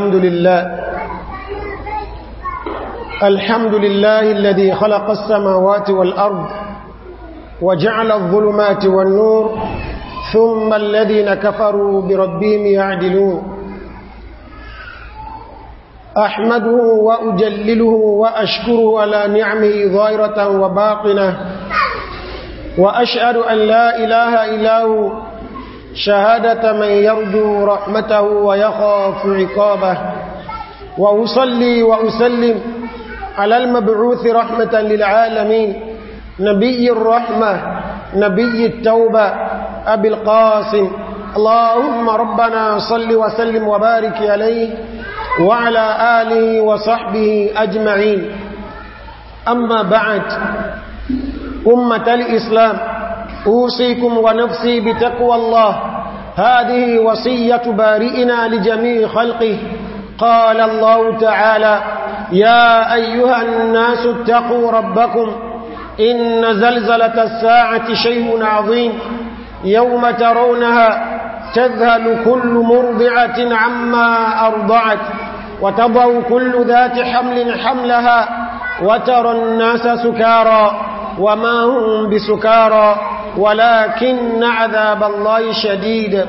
الحمد لله الحمد لله الذي خلق السماوات والأرض وجعل الظلمات والنور ثم الذين كفروا بربهم يعدلون أحمده وأجلله وأشكره على نعمه ظاهرة وباقنة وأشهد أن لا إله إلا هو شهادة من يرجو رحمته ويخاف عقابه وأصلي وأسلم على المبعوث رحمة للعالمين نبي الرحمة نبي التوبة أبي القاسم اللهم ربنا صل وسلم وبارك عليه وعلى آله وصحبه أجمعين أما بعد أمة الإسلام أوصيكم ونفسي بتقوى الله هذه وصية بارئنا لجميع خلقه قال الله تعالى يا أيها الناس اتقوا ربكم إن زلزلة الساعة شيء عظيم يوم ترونها تذهل كل مرضعة عما أرضعت وتضع كل ذات حمل حملها وترى الناس سكارا وما هم بسكارى ولكن عذاب الله شديد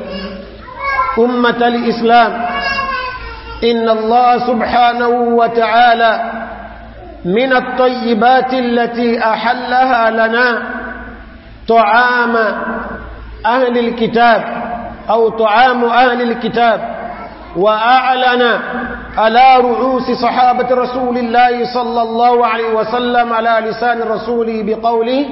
أمة الإسلام إن الله سبحانه وتعالى من الطيبات التي أحلها لنا طعام أهل الكتاب أو طعام أهل الكتاب وأعلن على رؤوس صحابة رسول الله صلى الله عليه وسلم على لسان رسوله بقوله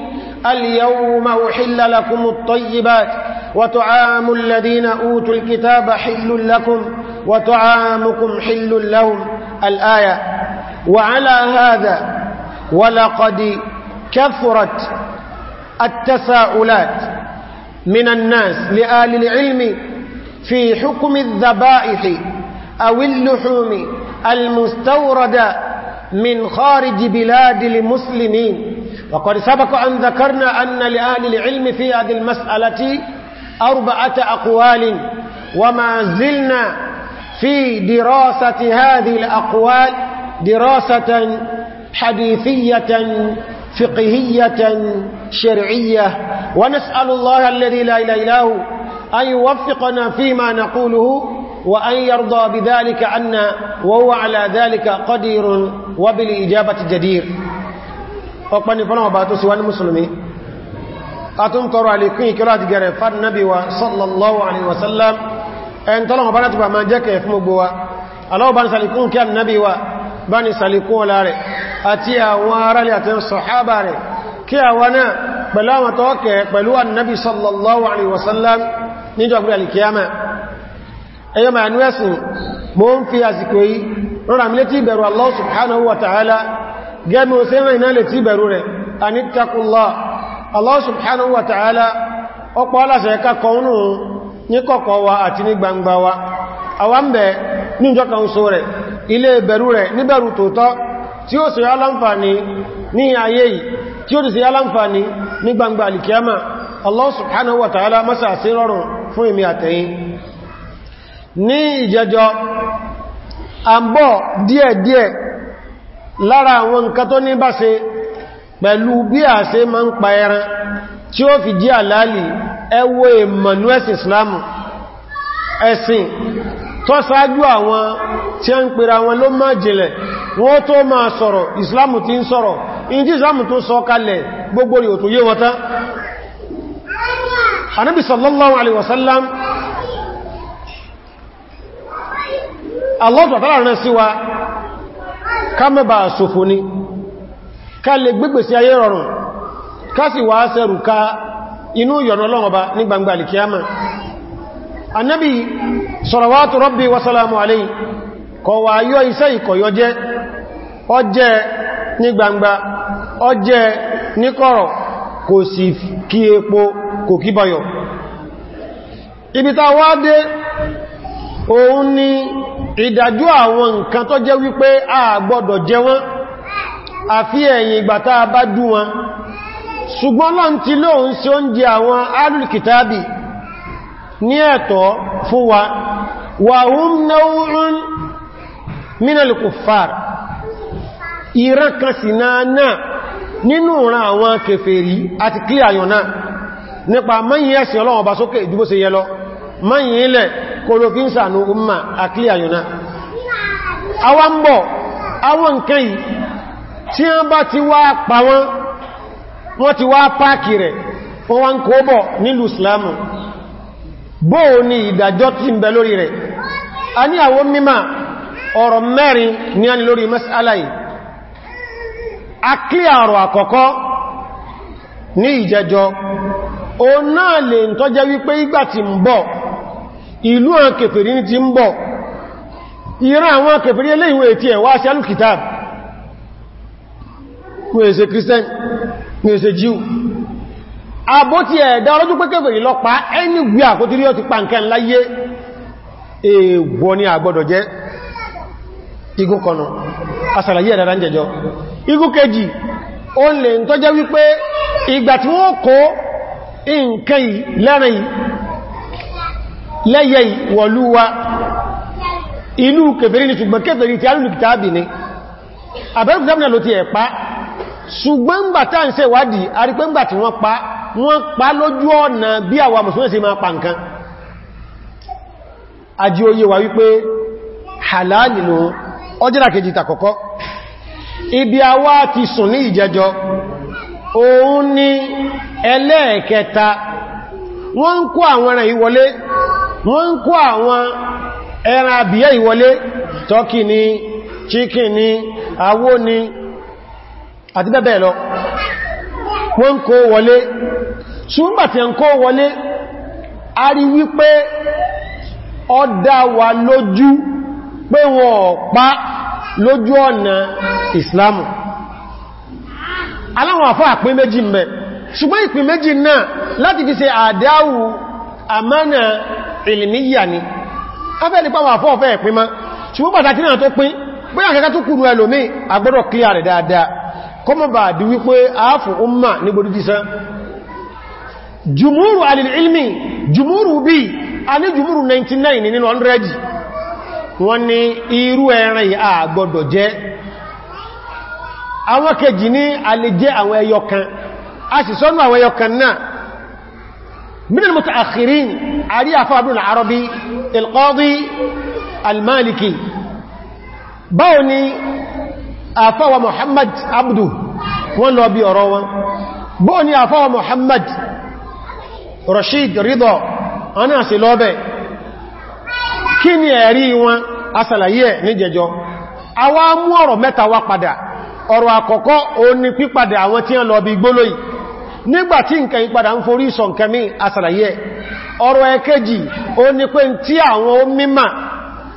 اليوم أحل لكم الطيبات وتعام الذين أوتوا الكتاب حل لكم وتعامكم حل لهم الآية وعلى هذا ولقد كثرت التساؤلات من الناس لآل العلم في حكم الذبائح أو اللحوم المستوردة من خارج بلاد المسلمين وقد سبق أن ذكرنا أن لأهل العلم في هذه المسألة أربعة أقوال وما زلنا في دراسة هذه الأقوال دراسة حديثية فقهية شرعية ونسأل الله الذي لا إله إلا هو أن يوفقنا فيما نقوله وأن يرضى بذلك عنا وهو على ذلك قدير وبالإجابة جدير أقبل فلما باتوسي والمسلمي أتنطر عليكم كرات جرى فالنبي صلى الله عليه وسلم أن تلهم بناتبه ما جاك يفمقوا الله بان سالكون كان نبي وبان سالكون لاري أتي أوارا لأتي الصحابة kí àwọn náà pẹ̀lú àwọn tọ́ọ̀kẹ̀ pẹ̀lú annabi sallallahu alaihi wasallam níjọ́ gbé alìkíyàmá ẹyọ ma ní ẹ̀sìn mo ń fi àsìkò yìí rọ́nà mi létí ìbẹ̀rù Allah subhanahu wa ta'ala gẹ́mi o sẹ́rìn iná beru ìbẹ̀rù rẹ̀ Allah wa ta'ala ọpọ̀ aláṣẹ kakọ̀ nù ní kọ̀kọ̀ wa àti ní gbangba wa àwọn bẹ̀ ní ìjọ ìbẹ̀rù rẹ̀ wa ta'ala masa ní ìjẹjọ àbọ̀ díẹ̀díẹ̀ lára àwọn nǹkan tó ní bá ṣe pẹ̀lú bí a ṣe ma ń pa ẹran tí ó fi jí àlálì ẹwọ ìmọ̀nú ẹ̀sìn islamu ẹ̀sìn tó ṣáájú àwọn tí a ń pèrà wọn ló máa jìnlẹ̀ wọ́n tó máa sọ̀rọ̀ islamu ti ń sọ̀rọ̀ in islamu tó sọ kalẹ̀ gbogbo rí òtò yé wọ́ta sallallahu alaihi wasallam alọ́tọ̀tọ́lá rán sí wa ká mẹ́bà sòfò ní ká lè gbígbè sí ayé rọrùn ká sì wà sẹ́rù ká inú yọ̀nà ọlọ́ọ̀ba ní gbangba alìkíyàmà annabi sọ̀rọ̀wátù rọ́bí wasalamu alayhi kọ̀ wà yọ iṣẹ́ ìkọ̀yọ jẹ́ ọjẹ́ ní gbangba ọjẹ́ ní kọ̀rọ̀ kò sì kí epo kò kí bayọ̀ ibi ta wá dé òun ni ìdájọ́ àwọn nǹkan tó jẹ́ wípé a gbọ́dọ̀ jẹ wọ́n àfi ẹ̀yìn ìgbà tá a bá dú wọn ṣùgbọ́n lọ́n ti lóòun sí oúnjẹ àwọn alùkìtàbì ní ẹ̀tọ́ fún wa wà hún náwòrán mínàlì kùfàr ìran kòròkín sànú umma àkílì àyọ̀nà ń bọ̀ àwọn nǹkan yìí tí wọ́n bá ti wá pa wọ́n wọ́n ti wá páàkì rẹ̀ wọ́n wá ń kó bọ̀ nílùú islamu bóò ni ìdájọ́ ti ń bẹ lórí rẹ̀ a ní àwọn mímá ọ̀rọ̀ mẹ́rin ní a ní lórí yìí ìlú àwọn kèfèrè ní ti ń bọ̀ ìran àwọn kèfèrí ilé ìwé tí ẹ̀wà sí alùkìtàb ní christian ní jew àbó ti ẹ̀dá pé ẹni gbí àkótírí ọ ti pa nǹkan láyé èèwọ̀ ní àgbọ́dọ̀ lẹ́yẹ ìwọ̀lúwa inú kèfèrí ni ṣùgbọ́n kèfèrí ti alùlùkítàbì ni àbẹ́rùkítàbì náà ló ti ẹ̀pá ṣùgbọ́n gbà tá ń ṣe ìwádìí arípẹ́ ń gbà tí wọ́n pa wọ́n pa lójú ọ̀nà bí àwa mùsùlùmí pa ibi wọ́n ń kó àwọn ìwọlé wọ́n ń kó àwọn ẹran àbíyẹ́ ìwọlé tọ́kì ni chicken ni awó ni àti bẹ́bẹ̀ lọ wọ́n kó wọlé ṣùgbà tí ń kó wọlé a rí wípé ó dá wa lójú pé wọ́n pa lójú ọ̀nà ìsìlámù aláwọn àfá àpín méjì mẹ́ ṣùgbọ́n ìpín méjì náà láti fi ṣe àdáwù àmánà ìlìmíyà ni afẹ́ nípa wà fọ́ọ̀fẹ́ ẹ̀pin ma ṣùgbọ́n pàtàkì náà tó pín bóyá kẹta tó kúrò ẹlòmí agbọ́dọ̀ kíyà rẹ̀ dáadáa kó mọ́ bà dí wípé àáfù umma ní gbogbo jísán jùmúrù alìlìmí jùmúrù bí a ní jùmúrù 99 nínú 100 wọ́n ní irú ẹran yìí àgbọ́dọ̀ jẹ àwọn kejì ní alìjẹ́ àwọn ẹyọkan a sì sọ́nà àwọn ẹyọkan náà mínú mọ́ta àkìrín àrí àfáàbùn àrọ́bí ilqadi almaliki báwo ni àfáwà Muhammad abdu wọ́n lọ bí ọ̀rọ̀ wọn báwo ni àfáwà Muhammad Rashid Ridha ọ̀nà sí lọ́bẹ̀ kí ni ẹ̀rí wọn asàlàyé ní jẹjọ àwa mú ọ̀rọ̀ mẹ́ta wá padà ọ̀rọ̀ àkọ́kọ́ òun ni pípadà àwọn tí wọ́n lọ bí gbólóyìí nígbàtí nǹkan ìpadà ń forí sọ nǹkan mí àsàlàyé ọ̀rọ̀ ẹ̀kẹ́jì ó ní pé tí àwọn mímà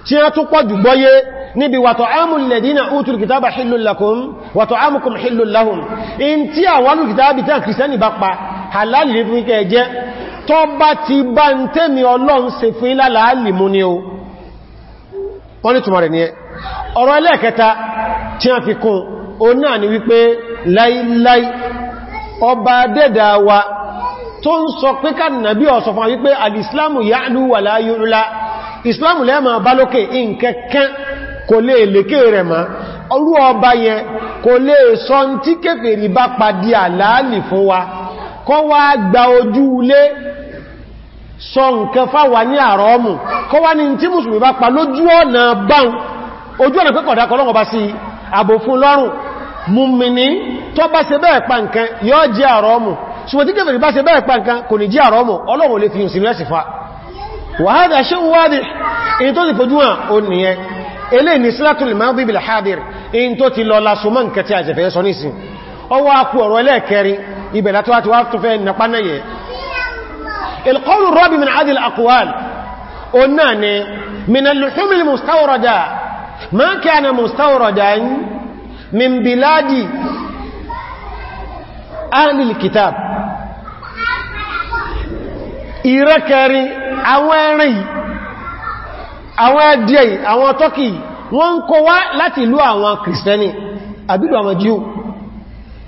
tí a tún pọ̀ jùgbọ́yé níbi wàtọ̀ ámùlẹ̀dínà útùrù kìtàbà hìlùlákùn wàtọ̀ ámùkùn hìlùláhùn in tí àwọn olùkìtàbì tán kìrìsẹ́nì bá pa halálì fún ikẹ́ jẹ́ tó bá ti bá ń tẹ́mi ọlọ́run ṣe ọ̀rọ̀ ẹlẹ́ẹ̀kẹta tí a fi kún o náà ni wípé láíláí ọba dẹ́dà wa tó ń sọ pé ká nàbí ọ̀sọ̀ fún wípé alìsìláàmù ya'lu wà láyúrúlá ìsìláàmù lẹ́mà bá lókè ìǹkẹ́kẹ́ kò lè lékè rẹ̀ ma orú ọba yẹn kò lè sọ tí kèfèrí bá padì àlàálì fún wa kọ́ wá gba ojú ulé sọ nǹkan fáwà ní àrọ́mù kọ́ wá ní tí mùsùlùmí bá pa lójú ọ̀nà báun ojú ọ̀nà pẹ́kọ̀dá kọlọ́wọ́ sí àbò fún lọ́rùn múmini tó bá ṣe bẹ́ẹ̀ pa nǹkan yóò jẹ́ àrọ́mù ṣùgbọ́n tí kèfèrí bá ṣe bẹ́ẹ̀ pa nǹkan kò ní jẹ́ àrọ́mù Ọlọ́run lè fi yùn sínú ẹ̀sìfà wàhádà ṣe ń wádì in tó ti fojú hàn ó nìyẹn elé ní sílátùlì máa bíbìlì hábìr in tó القول الرابع من هذه الأقوال قلنا من اللحوم المستوردة ما كان مستوردا min biladi ahlil kitab ìrẹ́kẹrin àwọn ẹran yìí àwọn ẹdíẹ̀ yìí àwọn tọ́kì wọ́n ń kó wá láti ìlú àwọn kìrìsìtẹ́nì àbílù àwọn jíò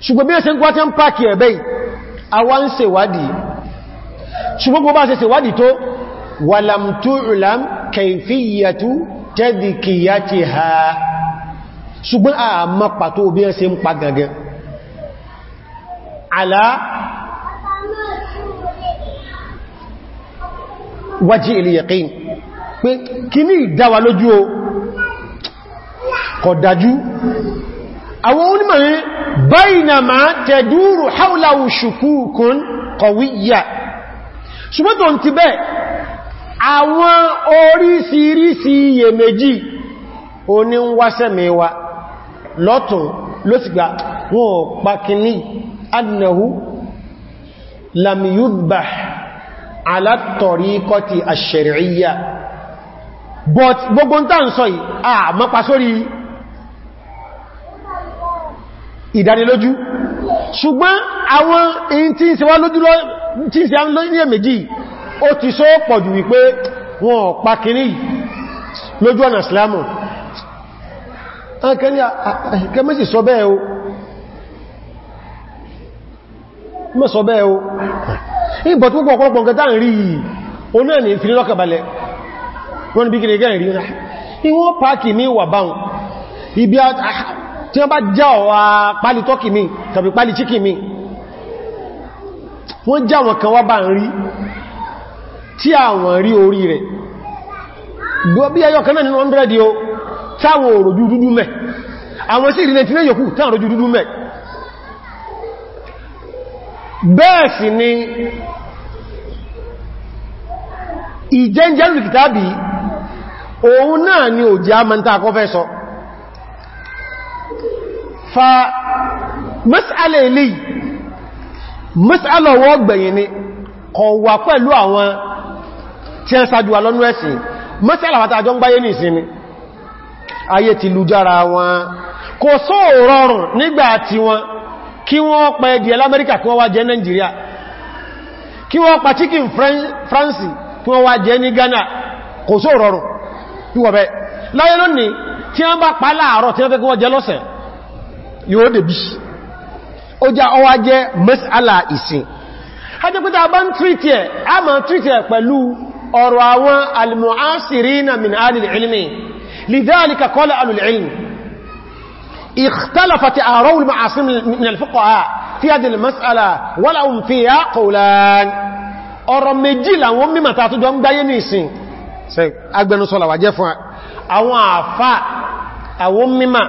ṣùgbọ́n bí ó ṣe ń kwátí ń pàkì ẹ̀bẹ̀ yìí àwọn ń ṣèwádìí ṣùgbọ́n gbogbo bá ṣe ṣèwádìí tó wàlàmtúrùlám kẹfíyàtú ṣùgbọ́n a mọ́ pàtó bí ẹ ṣe ń pa gangan alá wájí ilẹ̀yẹ̀kín pé kí ní ìdáwà lójú o kọ̀ dájú àwọn onímọ̀ ní baynama tẹ̀dúrù hawlahu shukukun qawiyya ṣùgbọ́n tó bẹ́ àwọn orísìírísìí iyèméjì oníwásẹ̀mẹ́wàá lọ́tún ló sì gbà wọn ò pàkíní annahu lam yudbah ala tariqati ash-shar'iyya but gbogbo ta ń sọ yìí a mọ́pa sórí ìdánilójú ṣùgbọ́n àwọn èyí tí ń ṣe wá lójú tí ń ṣe àwọn lójú méjì ó ti sọ pọ̀jù wípé wọn ò pàkíní lójú ọ̀nà islamu ẹnkẹ́ ní àkẹ́ mẹ́sì sọ bẹ́ẹ̀ o mọ́ sọ bẹ́ẹ̀ o ìgbọ̀ tó púpọ̀ ọ̀pọ̀lọpọ̀ nǹkan táà ń rí yìí o náà ní ìfìrí lọ́kàbalẹ̀ wọ́n bí kìrì gẹ́rin rí ìwọ́n pàákì ní wà báhùn ibi tí wọ́n bá já ọ̀wà pálí tọ́kì mi tàbí pálí chíkì mi wọ́n já wọn kan wá bá ń rí tí àwọn rí orí rẹ̀ bí ayọ́ kan náà nínú 100 yóò táwọn òròjú dúdú mẹ́ àwọn sí ìrìnlẹ̀ tílé yòókù táwọn òròjú dúdú mẹ́ bẹ́ẹ̀ sì ni ìjẹ́jẹ́lù kìtàbí òun náà ni ò jẹ́ àmà tàà kọ́ fẹ́ sọ fa mẹ́sàlẹ̀ ilé mẹ́sàlẹ̀ ọwọ́ gbẹ̀yìn ni kọ̀ wà pẹ̀lú àwọn tí ẹ sájú alọ́nú ẹ̀sìn mẹ́sàlẹ̀ àwátà àjọ ń gbáyé ní ìsinmi ayé ti lùjára wọn kò só rọrùn nígbà tí wọn kí wọ́n pa ẹdìẹ kí Nigeria kí wọ́n pa chicken France kí wọ́n wá n'i Ghana kò só rọrùn ìwọ̀bẹ̀ láyé lónìí tí wọ́n bá pa láàárọ̀ tí wọ́n fẹ́ kí wọ́n jẹ lọ́sẹ̀ a máa tríti لذلك قال أهل العلم اختلفت آراء المعاصم من الفقهاء في هذه المسألة ولهم فيها قولان ọ̀rọ̀ méjì làwọn mímọ̀ tààtù jọ ń gbáyé ní ìsìn agbẹnusọ́là wà jẹ́ fún àwọn àfà àwọn mímọ̀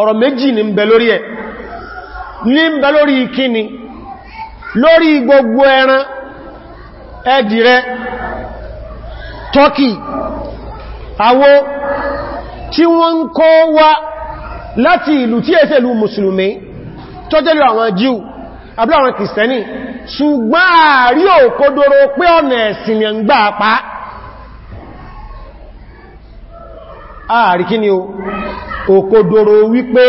ọ̀rọ̀ méjì ní ń bẹ lórí ẹ̀ ní ń bẹ lórí ìkíni lórí gbogbo ẹran ẹ̀dì rẹ tọ́kì àwo tí wọ́n ń kó wá láti ìlú tí èsè ìlú mùsùlùmí tó jẹ́lú àwọn jíù àbí àwọn kìrìsìtẹ́nì ṣùgbọ́n àrí òkódoro pé ọ̀nà ẹ̀sìn yẹn gbà pa ààrí kí ni o òkódoro wípé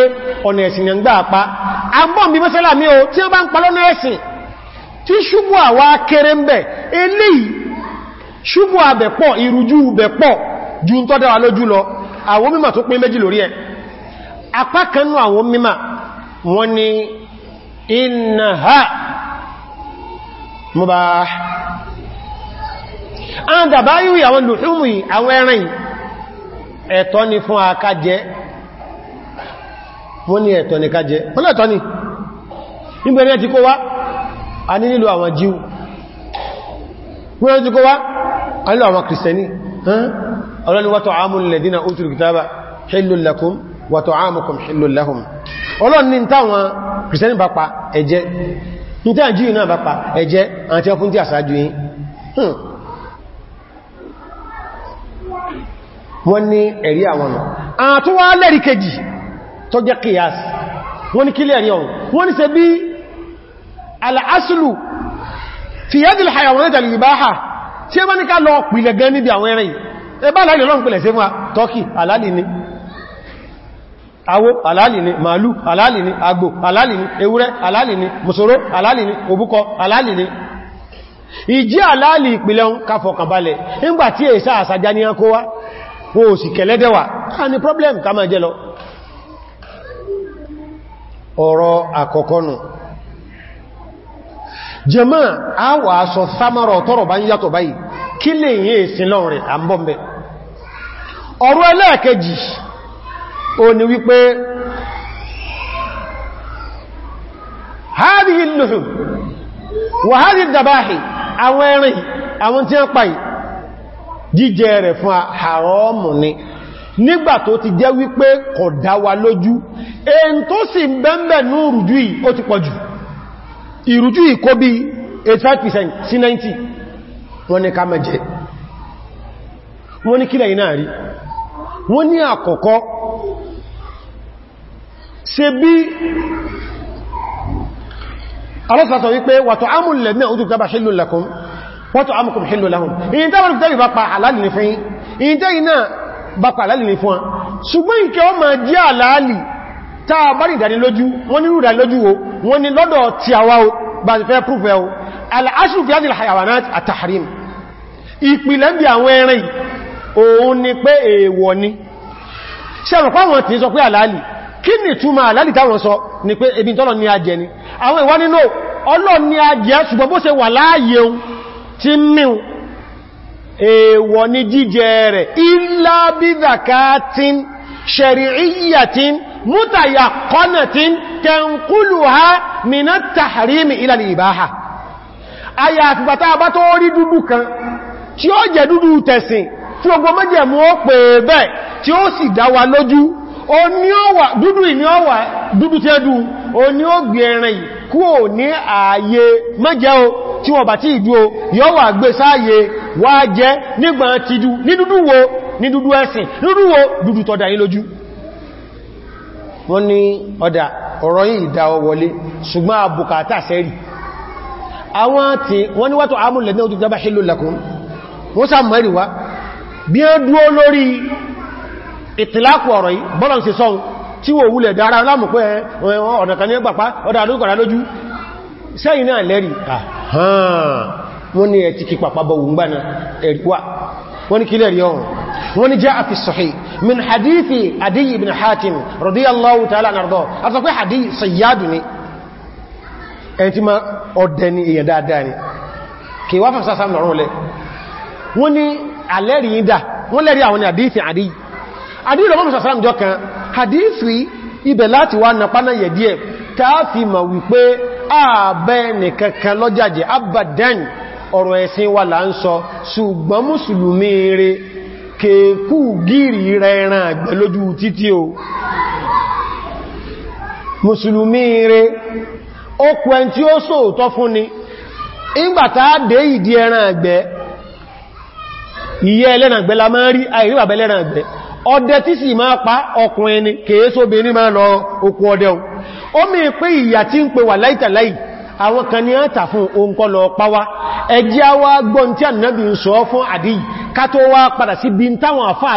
ọ̀nà ẹ̀sìn yẹn gbà pa agbọ́n bí mẹ́sẹ́lá mi o tí wọ́n bá ń pa ju ń tọ́ dára lójú lọ àwọn mímọ̀ tó pín méjì lórí ẹ̀ apá kanú àwọn mímọ̀ wọ́n ni inna ha mubah àwọn dàbá yìí àwọn lùhúmù àwọn ẹran ẹ̀tọ́ ni fún akájẹ́ wọ́n ni ẹ̀tọ́ ni kájẹ́ wọ́n lẹ́tọ́ ni nígbẹ̀rẹ̀ ti kó wá a ní nílò àwọn jíu wọ́n ti kó wá a nílò àwọn kìrìsẹ̀ní ọlọ́ni wa ta'amul ladina utul kitaba hillul lakum wa ta'amukum hillul lahum ọlọ́ni táwọn kìrìsìtẹ́nì bá pa ẹjẹ́ ní tí àjíyìn náà bá pa ẹjẹ́ àti ọkùn tí àsájú yìí hmm. wọ́n ní ẹ̀rí àwọn náà àtúwà lẹ́rí kejì tó jẹ́ kìyàsì wọ́n ní kílẹ̀ ẹ̀rí ọ̀run wọ́n ní ṣe bí tí ẹ bá ní ká lọ pìlẹ̀ gan níbi àwọn ẹ̀rẹ́ yìí ẹbá aláàlì ọlọ́run pẹ̀lẹ̀ sí fún wa tọ́kì aláàlì ni awó aláàlì ni màálù aláàlì ni àgbò aláàlì ni ewúrẹ́ aláàlì ni mùsòrò aláàlì ni òbúkọ aláàlì ni ìjí aláàlì ìpìlẹ̀ ń kafọ̀kànbalẹ̀ nígbàtí èsà àsàjá ní ẹkọ́ o sì a ni problem ká máa jẹ́ lọ Ọrọ jẹ́mọ́ a wà sámọ́rọ̀ tọ́rọ̀ bá kí lè yí èsìn lọ rẹ̀ àmbọ́m̀bẹ̀ ọ̀rọ̀ ẹlẹ́ẹ̀kejì ó ní wípé hadhihi al-luhum wa hadhihi ad-dabahi àwọn ẹ̀rìn àwọn tí ń pàì jíjẹ rẹ̀ fún àrọ́ọ̀mù ni nígbà tó ti jẹ́ wípé kò dá lójú èyí tó sì bẹ́m̀bẹ̀ ní ìrùjú ì ó ti pọ̀jù ìrùjú ì kó bí 85% sí 90 wọ́n ní ká má jẹ wọ́n ní kílẹ̀ iná rí wọ́n ní àkọ́kọ́ ṣe bí alọ́sàtọ̀ wípé wàtọ̀ ámùlẹ̀ náà ojú gbábà ṣe lòlàkún wàtọ̀ ámùkùn ṣe lòlàhùn èyí tẹ́wàá bá ní ìdánilójú wọ́n ní ìdánilójú wo wọ́n ní lọ́dọ̀ tí a wá o bá ti fẹ́ prúfẹ́ o al-aslu fi hadhihi al-hayawanat ìpìlẹ̀ bí àwọn ẹran òun ni pé èèwọ̀ ni ṣẹ́rùn pàwọn tí sọ pé àlàálì kí ni túnmà àlàálì táwọn sọ ni pé ebi tọ́lọ ni ajẹ́ ni àwọn ìwá nínú ọlọ́ ni ajẹ́ ṣùgbọ́n bó ṣe wà láàyè ohun tí eewoni èèwọ̀ ni jíjẹ rẹ̀ ilá bí zakatin ha mìnà bá tó rí dúdú kan tí ó jẹ dúdú tẹ̀sìn tí ogbó mẹ́jẹ̀mú ó pè bẹ́ẹ̀ tí ó sì dá wa lójú dúdú ìní ọwà dúdú tẹ́dù o ní ó gbé ẹ̀rìn kúò ní ààyè mẹ́jẹ́ o tí wọ́n bá tí ìdú o yọ́ wà gbé sáàyè wá jẹ́ nígbà ti dú ní dúdú wo ní dúdú ẹ̀sìn dúdú wo dúdú tọ́dà yí lójú wọ́n ní ọ̀dà ọ̀rọ̀ yìí ìdá wọlé ṣùgbọ́n àbùkátà sẹ́rì àwọn tí wọ́n ní wọ́n tó àmúlẹ̀ ní ó tó jábá ṣe lólẹ́kùn wọ́n sá mẹ́rin wá bí ó dúó lórí ìtìlápù ọ̀rọ̀ yìí bọ́lọ̀n sí sọ́un tí wò wúlẹ̀ dára lámù pé ọ̀nà kan ní gbàpá ọdá lókọ̀ọ́rá lójú sẹ́yìn náà lẹ́rì wọ́n ni ẹ̀tì kìpàpà bọ̀ wùn gbána ẹ̀ríwá wọ́n ni kí lẹ́rì ọ̀hún wọ́n ni jẹ́ àfi sahih min hadithi adiyi ẹni tí ma ọdẹ èyàn dáadáa ni kí wá fàṣásá nọ̀rún lẹ́ wọ́n ní alẹ́rì ìdá wọ́n lẹ́rí àwọn àdífì àdí àdí ìrọ̀mọ́ mùsàsàràm jọ kan àdífì ibẹ̀ láti wá napáná yẹ̀ díẹ̀ ma wípé ààbẹ́ nìkankan lọ́jàjẹ̀ abadan ọ̀rọ̀ ẹ̀sìn wà là ń sọ ṣùgbọ́n mùsùlùmí rẹ̀ kèkú gírí rẹ̀ràn àgbẹ̀ títí o mùsùlùmí rẹ̀ ó kú ó sóòtọ́ fún ni ìgbàtà dé ìdí ẹran àgbẹ̀ ìyẹ́ ẹlẹ́nàgbẹ́ la máa rí àìríwà bẹ́lẹ́nàgbẹ́ ọdẹ tí sì máa pa ọkùn ẹni kèéso obìnrin máa lọ okú ọdẹ ohun ó mi pé ìyà tí ń pe wà láìtàláì àwọn kan ní àtà fún oúnkọ́ lọ ẹjẹ́ awá gbọ́n tí ànábì ń sọ fún àdíyì ká wá padà sí bí táwọn àfá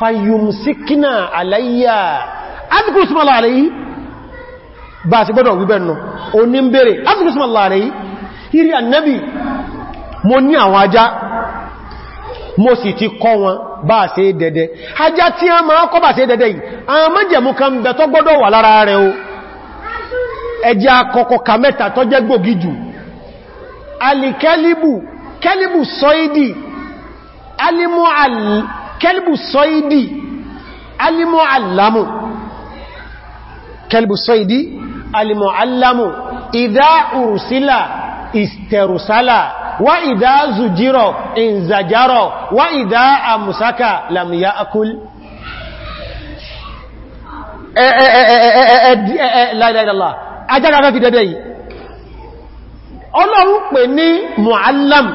fàyùmsíkínà àlàyà azikúsùmọ̀lá àlàyí bá sì gbọ́dọ̀ wíbẹ̀ nù o ní ń bèèrè azikúsùmọ̀lá àlàyí iri annabi mo ní àwọn ajá mo sì ti kọ́ wọn bá ṣe dẹ̀dẹ̀ ajá tí a máa kọ́ bá ṣe dẹ̀dẹ̀ yìí àwọn mẹ́jẹ̀mú kan bẹ̀ tó gbọ́dọ̀ wà lára rẹ̀ o ẹjẹ́ akọkọ ka mẹ́ta tó jẹ́ gbògì jù kelibu kẹ́líbù sọ́ídì alimu al kẹlbù sọ́ìdì alimọ̀ alamu kẹlbù sọ́ìdì alimọ̀ alamu ìdá urusila isterusala wa ìdá zujiro inzajaro wa ìdá amusaka lamya akul láìláìlá ajára fẹ́ fi dẹ́dẹ́ yìí ọlọ́run pè ní mu'allam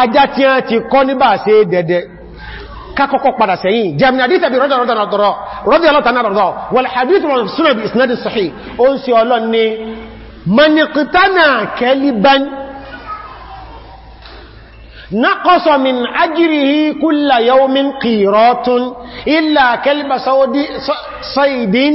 ajá tí a ti kọ́ níbà sí dẹ́dẹ́ kakọ́kọ́ padà sẹ́yìn jẹ́mì àdíta bí rọ́dà rọ́dà rọ́dà rọ́dà rọ́dà rọ́dà rọ́dà wal hadith wọn súnà bí isnadi sahih o ń se ọlọ́ ni manikitana kaliban naqasa min ajrihi kulla yawmin qiratun illa kalba saydin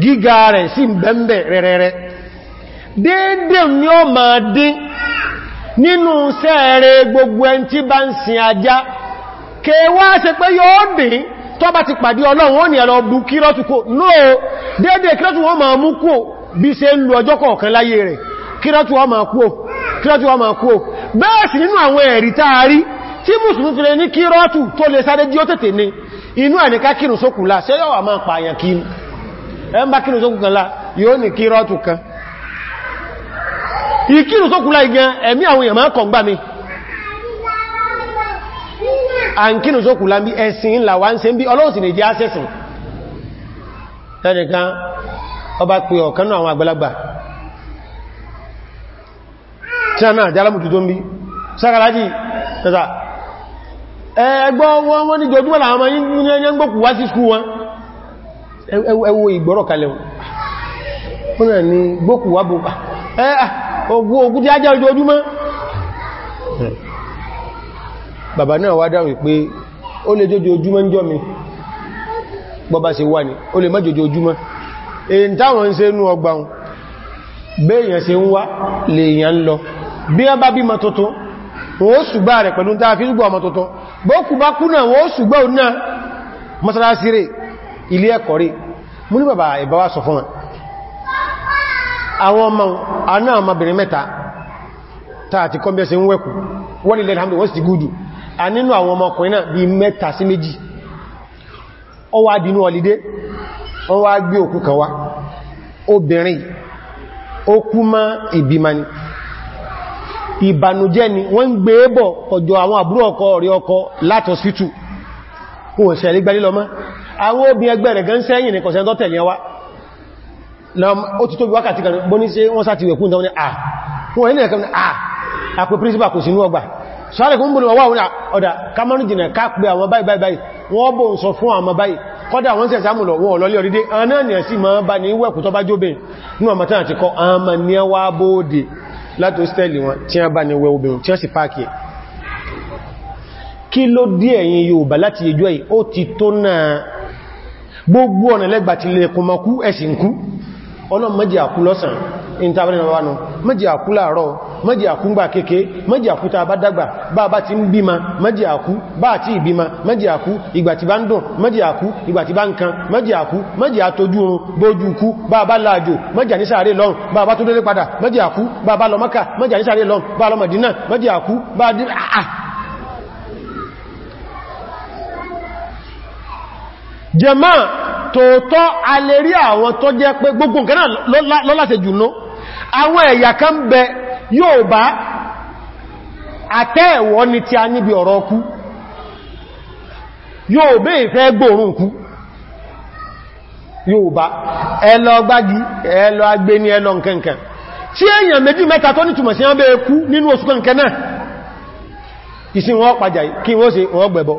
gíga rẹ̀ sí bẹ̀m̀bẹ̀ rẹ̀rẹ̀rẹ̀ déédé ní ó máa dín nínú sẹ́ẹ̀rẹ̀ gbogbo ẹn tí bá ń sin ajá kèwà ṣe pé yóò dín tó bá ti pàdé ọlọ́run wọ́n ni ẹ̀lọ no déédé kírọ́tù wọ́n máa mú kú bí ṣe ń lu ọjọ́ kọ̀ọ̀kan láyé rẹ̀ kírọ́tù wọ́n máa kú kírọ́tù wọ́n máa kú bẹ́ẹ̀ sì nínú àwọn ẹ̀rí táàrí tí mùsùlùmí fi lè ní kírọ́tù tó lè sáré jí ó tètè ní inú ẹ̀nìká kírùn sókùnlá ṣe máa pààyàn kírù ẹn bá kírùn sókù kan lá yóò ní kí rọ́tù kan ìkírùn sókù lá igẹ́ ẹ̀mí àwọn èèyàn máa kọ̀ gbá mi à ń kírùn sókù lá ẹ̀sìn ńlá wá ń ṣe ń bí ọlọ́sìn lè jẹ́ àṣẹ́sìn ẹnìkan ọba pè ọ̀kan náà àwọn àgbàlagbà tí a náà ẹgbọ́ wọn wọ́n ní jọjúmọ́ làwọn ọmọ yí ń wá sí skú wọn ẹwọ ìgbọ́rọ̀ kalẹ̀ wọn náà ni gbókù wà bó ọgbó ogun tí a jẹ́ ojú ojúmọ́ bàbá náà wá dáwì pé ó lè jójò ojúmọ́ ń jọ mi bọ́bá ṣe wà ní ó lè má jójò ojúmọ́ èyí táwọn ń ṣe inú ọgbà wọn béèyàn ṣe ń wá lèèyàn ilé ẹ̀kọ́ rẹ̀ mú ní bàbá ìbáwà sọ fún wọn àwọn ọmọ aná ọmọbìnrin mẹ́ta tààtì kọ́bẹ̀ẹ́sẹ̀ ń wẹ́kù wọ́n ilẹ̀ alhamdu wọ́n sì gúdù a nínú àwọn ọmọkùnrin náà bí mẹ́ta sí méjì ó wá dínú ọlidé wọ́n wá gbé òkú kan wá obìnrin ó kú mọ́ ìbànújẹ́ ni wọ́n ń gbé e ọjọ́ àwọn àbúrò àwọn obìn ẹgbẹ́ rẹ̀ gan sẹ́yìn ní kọ̀sẹ̀ntọ́ tẹ̀lé wá ó ti tó bí wákàtí kan bó ní sí wọ́n sáti wẹ̀kún tán ní à wọ́n ní ẹ̀kọ́ ní à àpò príncipal kò sí ní ọgbà sọ́rẹ̀ kún bùnú wà ọ̀dà kamarú jìnà káàpẹ́ àwọn báyìí báyìí wọ́n bò ń sọ fún àwọn báyìí kọ́dà wọ́n sì ẹ̀sàmù lọ wọ́n lọ́lẹ́ ọ̀rídé aná kí ló dí ẹ̀yìn Yorùbá láti yẹjọ́ ẹ̀ ó ti tó náà gbogbo ọ̀nà lẹ́gbà ti lè kùnmọ̀kú ẹ̀sìn kú ọlọ́run mẹ́jì àkú lọ́sàn ìntàbẹ̀rẹ̀wánu mẹ́jì àkú láàárọ̀ mẹ́jì àkú gbà kéèké mẹ́jì àkú ta bá dàgbà bá bá ti ń bímọ mẹ́jì àkú bá àti ìbímọ mẹ́jì àkú ìgbà tí bá ń dùn mẹ́jì àkú ìgbà tí bá ń kan mẹ́jì àkú mẹ́jì àtójú oorun bójú kú bá bá láàjò mẹ́jì ànísàárè lọ́n bá bá tó délé padà mẹ́jì àkú bá bá lọ Mákà mẹ́jì ànísàárè lọ́n bá lọ Mẹdínà mẹ́jì àkú bá dé jẹmọ́ tòótọ́ alérí àwọn tó jẹ́ pé gbogbo nǹkan náà lọ́láṣẹ́ jùlọ àwọn ẹ̀yà kan bẹ yóò bá àtẹ́ẹ̀wọ́ ni tí a níbi ọ̀rọ̀ ọkú yóò bẹ́ ìfẹ́ gbòòrùn kú yóò bá ẹlọ gbági ẹlọ agbé ní ẹlọ nkankan tí èyàn méjì mẹ́ta tó nítùmọ̀ sí wọ́n bẹ́ kú nínú oṣù kankan náà ìsìn wọ́n pàjá kí wọ́n ṣe wọ́n gbẹ̀bọ̀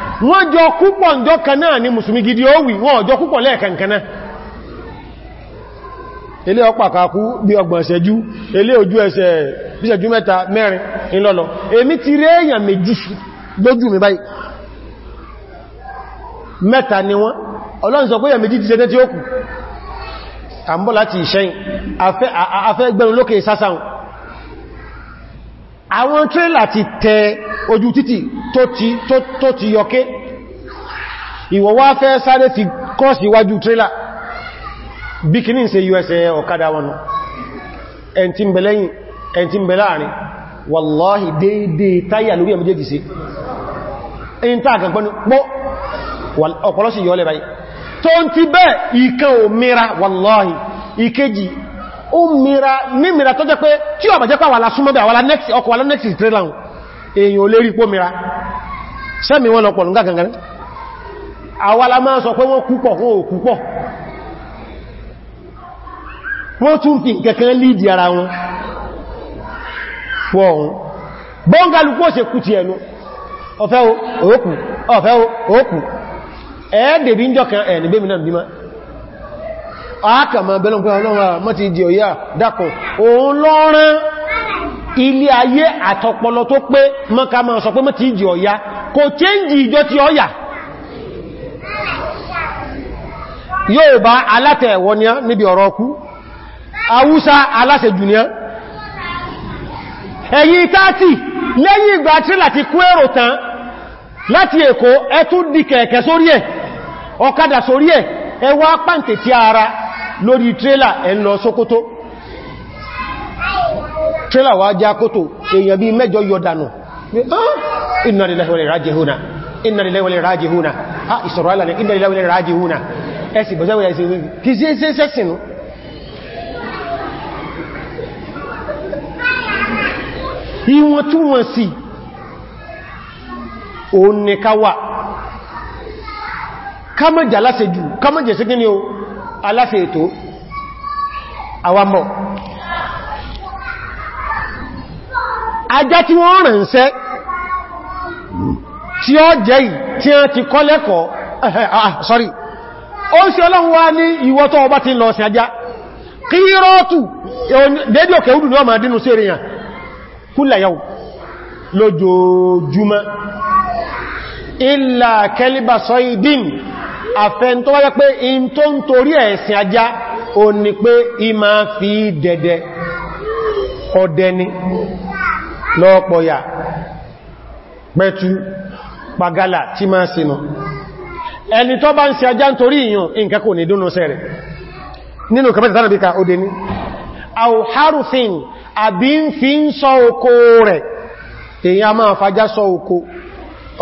wọ́n jọ kúpọ̀ ǹjọ́ kan náà ni musulmi gidi ó wì wọ́n jọ kúpọ̀ lẹ́ẹ̀kankaná ilé ọpàkàkú bí ọgbọ̀n ṣẹ́jú ilé ojú ẹsẹ̀ bíṣẹ́jú mẹ́ta mẹ́rin ìlọ́lọ èmi ti rí èyàn méjì lójú mi báyìí mẹ́ta ni wọ́n ọlọ́run sọ pé àwọn trailer ti tẹ ojú títì tó ti yọké ìwọ wá fẹ́ sáré fi kọ́ọ̀sì iwájú trailer bí kì ní ṣe usa ọ̀kadà wọnà ẹn tí ń bẹ wallahi déédéé táyà lórí ẹmọ jẹ́jì sí in tàà kan pẹ́nu pọ́ ọ̀pọ̀lọ́sì yọ́ lẹ́bàáyì tó ń ti bẹ́ẹ̀ ìkan òmìnira wallahi ìkejì ó ní mìíra tó jẹ́ pé tí ọ̀bà jẹ́ pàwàlá súnmọ́bẹ̀ àwàlá nexi ọkọ̀ wàlá nexi trailer hùn èyàn olè rí pó mìíra sẹ́mi wọn lọ pọ̀lú gàgàgà ní àwàlá máa sọ pé wọ́n kúpọ̀ ara wọn ẹ̀ẹ́dẹ̀bí ń jọ kan àákàmà bẹ́lùn pẹ́ ọlọ́run àmọ́ ti di ọ̀yá dákùn òun lọ́rán ilé ayé àtọpọlọ tó pé mọ́ká máa sọ pé mọ́ ti di ọ̀yá kò chẹ́njì ìjọ ti ọ̀yá yóò bá alátẹ̀ẹ̀wọ́ ní níbi ọ̀rọ̀ ọkú awúsá aláṣẹjù ní ẹ̀yìn ìgbà ara lórí trailer ẹ̀nà Sókótó trailer wá já kótó èèyàn bí mẹ́jọ yọdànù ah, inna lillahi wa inna ilaihi raji'un inna ha ìsọ̀rọ̀ alàní inna lillahi wa inna ilaihi raji'un ẹ̀sì bọ̀sẹ̀wẹ̀ ẹ̀sì kìí sí sẹ́sìnú ìwọ̀n tún wọ́n sí òun ni ká wà ká mọ́jà láṣẹ́jù ni o aláṣẹ ètò àwàmọ̀ ajá tí wọ́n rẹ̀ ń sẹ́ tí ó jẹ́ yìí tí a ti kọ́ lẹ́kọ̀ọ́ ah, ah, sorry ó ń ṣe ọlọ́run wá ní ìwọ tó ọba ti lọ sí ajá kí rọ́ọ̀tù dédé òkè òdù náà máa dínú sí èrìyàn kúlẹ̀ yau lójoojúmọ́ illa kẹlìbà sọ àfẹ́n tó wáyé pé in tó ń torí ẹ̀sìn ajá o ní pé i máa fi dẹ̀dẹ̀ ọdẹni lọ́ọ̀pọ̀yà pẹ̀tù pàgálà tí máa sinú ẹni tó bá ń ṣe ajá ń torí ìyàn nǹkan ní dúnnú sẹ́rẹ̀ nínú ó dé ní àwòhárùfin àbí ń fi ń sọ oko rẹ̀ máa fajá sọ oko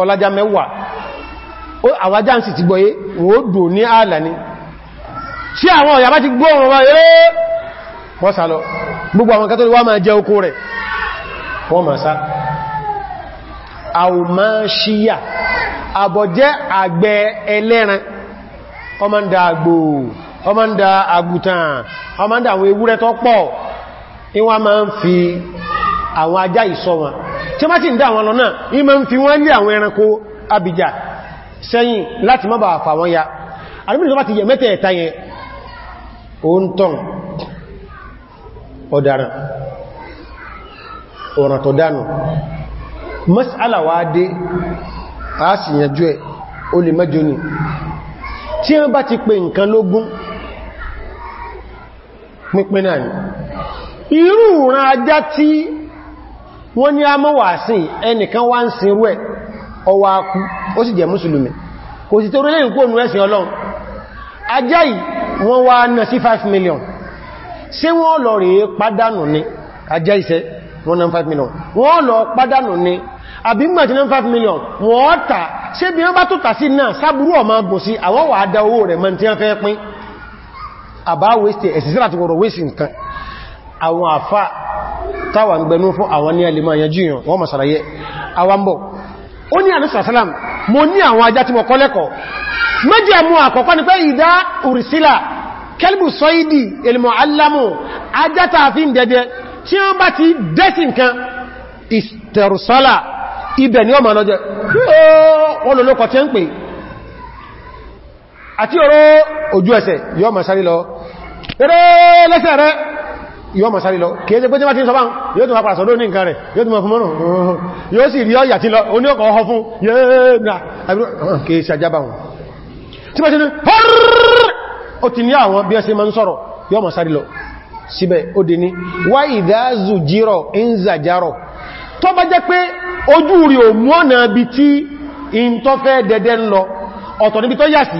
ọlájá mẹ́wàá àwájáǹsì ti gbọ́yé wọ́n ó dò ní ààlà ní àwọn ọ̀yà bá ti gbọ́ wọn wọ́n yẹ́ wọ́n lọ gbogbo àwọn kátólì wá máa jẹ okó rẹ̀ wọ́n máa sá àwòmáṣíyà àbọ̀jẹ́ àgbẹ̀ ẹlẹ́ran ọmọ da àgbò ọmọ da àgùtàn ọmọ da àwọn ewúrẹ́ tó pọ̀ ìwọ́n máa ń fi àwọn ajá ìsọ fi sẹ́yìn láti má bàá fà wọ́n ya alìmìnì tó bá ti yẹ mẹ́tẹ̀ ẹ̀ta yẹn o ń tàn ọ̀daràn ọ̀ràn tó dánù mọ́sálàwádé a sì yànjú ẹ̀ o lè mẹ́jọ ni tí wọ́n bá ti pè nǹkan lógún pínpín náà ni irú ìran ajá tí wọ́n ní a mọ́ wà sí ẹnìkan wá ń sinrú ẹ̀ ọwá kú ó sì jẹ́ mùsùlùmí kò sì tó rílẹ̀ ìkú ònú ẹ̀sìn ọlọ́run ajá wọ́n wá náà sí 5 million ṣé wọ́n lọ rí pádánù ní ajá iṣẹ́ wọ́n million wọ́n lọ pádánù ní àbí mọ̀ tí million wọ́n tà ṣé bí wọ́n bá tó tà sí náà sábúrú ọmọ gùn sí àwọn wà á da owó rẹ̀ mọ́ tí wọ́n fẹ́ pín àbá wéṣì ẹ̀sìn sí láti ó ní àmìsàsálàm mo ní àwọn ajá tí mo kọ́ lẹ́kọ̀ọ́ méjì àmú àkọ́kọ́ ni pé ìdá òrìsílà kẹlbù sọ́ìdì ilmọ̀ alámù ajá tààfí ń dẹ́dẹ́ tí wọ́n bá ti dẹ́sì nǹkan ìtẹ̀rùsọ́là ibẹ̀ ni ọmọ lọ́jẹ́ olólókọ̀ yóò máa sáré lọ kìí ṣe pé tí wá tí ń sọ bá ń yóò tún wá padà sọ́dọ́ ní nǹkan rẹ̀ yóò tún máa fún mọ́rùn yóò sì rí ọ̀yà tí lọ oní ọkọ̀ ọ̀họ́ fún yẹ́ẹ̀nà kìí ṣe àjábà wọn tí wá tí ó ti ní àwọn bí ẹsẹ máa ń sọ̀rọ̀ yóò máa sáré lọ síbẹ̀ ó dì ní wá ìdáàzù jírọ̀ ń zàjárọ̀ tó bá jẹ́ pé ojú rí ò mú ọ̀nà bí tí in tó fẹ́ dẹ̀dẹ̀ ń lọ ọ̀tọ̀ níbi tó yà sí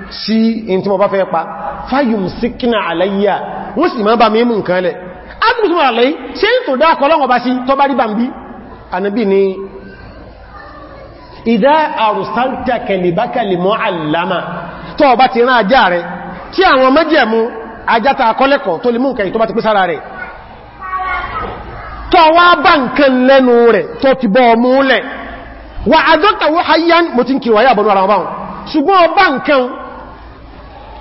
sí in tí mo bá fẹ́ pa fáyùm síkínà àlàyà wọ́n sì máa bá mi mú nǹkan lẹ̀ adùsùn àlàyé ṣe ń tó dákọ̀ lọ́wọ́ bá sí tọ́ bá rí bá ń bí ànàbí ni ìdá àrùsáńtà kẹlìbákẹlì mọ́ àlàmà tọ́ bá ti rán ajá rẹ̀ kí àwọn mẹ́jẹ̀mú ajáta akọ́lẹ́kọ̀ ṣùgbọ́n ọba nǹkan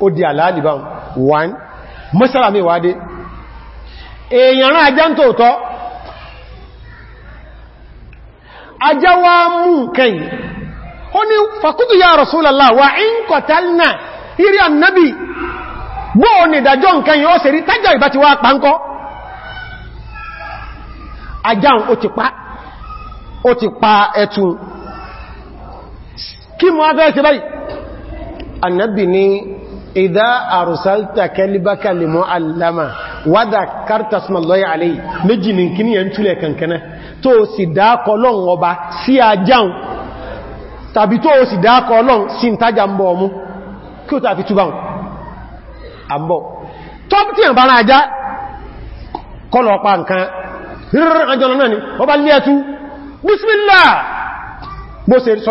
ó di àlàálìbá wọn mọ́sára mi wádé èèyàn rán ajá ń tóòtọ́ ajá wá mú kẹ́yìn ó ní fàkútù ya Rasulullah wa in qatalna irí annabi gbóò ní ìdájọ́ nkẹ́yìn ó sẹ̀rí tájá ìbá ti wá pàǹkọ́ ajá ó ti pa ó ti pa ẹ̀tù kí mọ́ abẹ́ ṣe báyìí annabi ni Ida àrùsáta kẹlìbákà lè alama wádà kárta smalloy alẹ́ méjì ní kí ní yẹn túlẹ̀ kankana T'o si dákọ lọ́n ọba si ajáun tàbí tó sì dákọ lọ́n sí ìtajà ń bọ̀ ọmú kí ó tàbí túbáun àbọ̀ tọ́pítì àbára ajá kọlọ̀ ọpa nǹkan rírán ajọ́ lọ́nà ni ọba ní ẹ̀tú bísmìlá bó ṣe sọ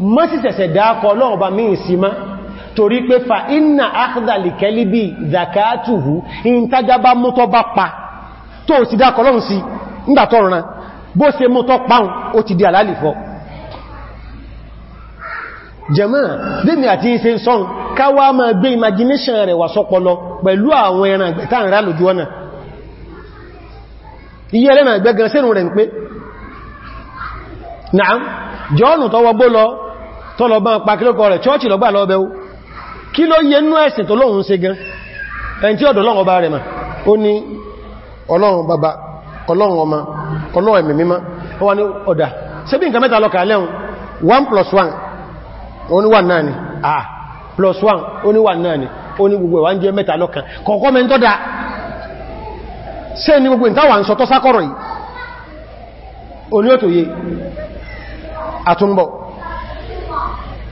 mọ́ sí tẹ̀sẹ̀ dákọ lọ́ọ̀bá míì sí torí pé fa iná akhdàlìkẹ́lì bí zakatuhu in tajá bá bá pa tó sì dákọ lọ́run sí ńgbàtọ́ rán bó ṣe mútọ́ ó ti di alalifọ. jẹ̀mọ́ lèmi àti ìṣe sọ́n káwà máa gbé imagination rẹ̀ wà sọ́pọlọ pẹ̀lú àwọn ẹran lójú ọ̀nà iye ẹlẹ́nà rẹ̀ ń pé náà jọ́ọ̀nù tọwọ́gbó lọ tọ́lọ bá ń pa kílòkọ rẹ̀ chọ́ọ̀chì lọ́gbà lọ́bẹ̀ ó kí ló yẹ nú ẹ̀sìn tó lóhun ṣe gan ẹn tí ọ̀dọ̀ Ọlọ́run ọba rẹ̀ mà ó ní Ọlọ́run bàbá Ọlọ́run ọmọ Ọlọ́run ẹ̀mí mímọ́ plus 1 ó ní 1 ni ah plus 1 ó ní 1 ni ó ní gbogbo ẹ̀wà ń jẹ́ da ṣe ni gbogbo ìtawà ń sọ tọ́sákọ̀rọ̀ yìí ó ní ó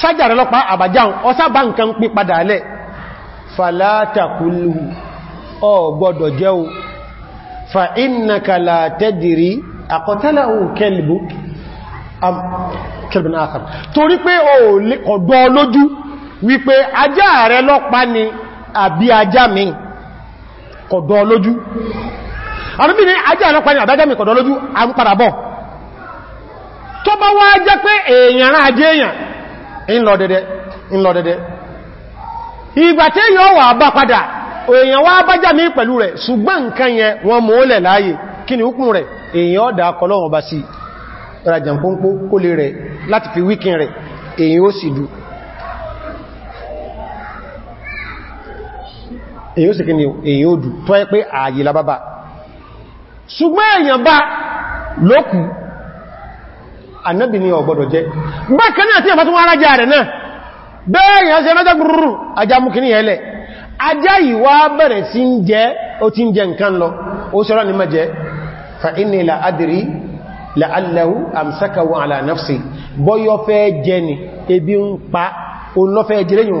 ṣájàrẹ lọ́pa àbájáun ọsá bá nǹkan pí padà lẹ́ fàlátàkùlù ọ gbọdọ̀ jẹ́ o fa innaka la tadri aqtalahu kẹlìbù torí pé o kọ̀dọ̀ lójú wípé ajá rẹ lọ́pa ni àbí ajá mi kọ̀dọ̀ lójú ni ajá lọ́pa ni àbí mi kọ̀dọ̀ lójú ń padà bọ̀ tó bá wá jẹ́ pé ńlọdẹ̀dẹ̀ ìgbà tí èyàn wà bá padà èyàn wá bá jà mí pẹ̀lú rẹ̀ ṣùgbọ́n nǹkan yẹ wọn mọ́ọ́lẹ̀ láàyè kí ni hukun rẹ̀ èyàn ọ̀dà kọlọ́wọ̀n bá sí rajan kó lè rẹ̀ láti fi wíkin rẹ̀ èyàn ó sì dù annabi ni ọgbọ́dọ̀ jẹ́ bákan náà tí a fàtún ara jẹ́ rẹ̀ náà bẹ́ẹ̀ yàn sí ẹmẹ́ta gbùrùrù ajá mú kìí ẹlẹ̀ ajá ìwá bẹ̀rẹ̀ sí ń jẹ́ ó ti ń jẹ nǹkan lọ ó sọ́rọ̀ ní mẹ́jẹ́ fa inni la adri la'allahu amsakahu ala nafsi bọ́yọ́ fẹ́ jẹ ni ebi ń pa òun lọ fẹ́ jẹ nǹkan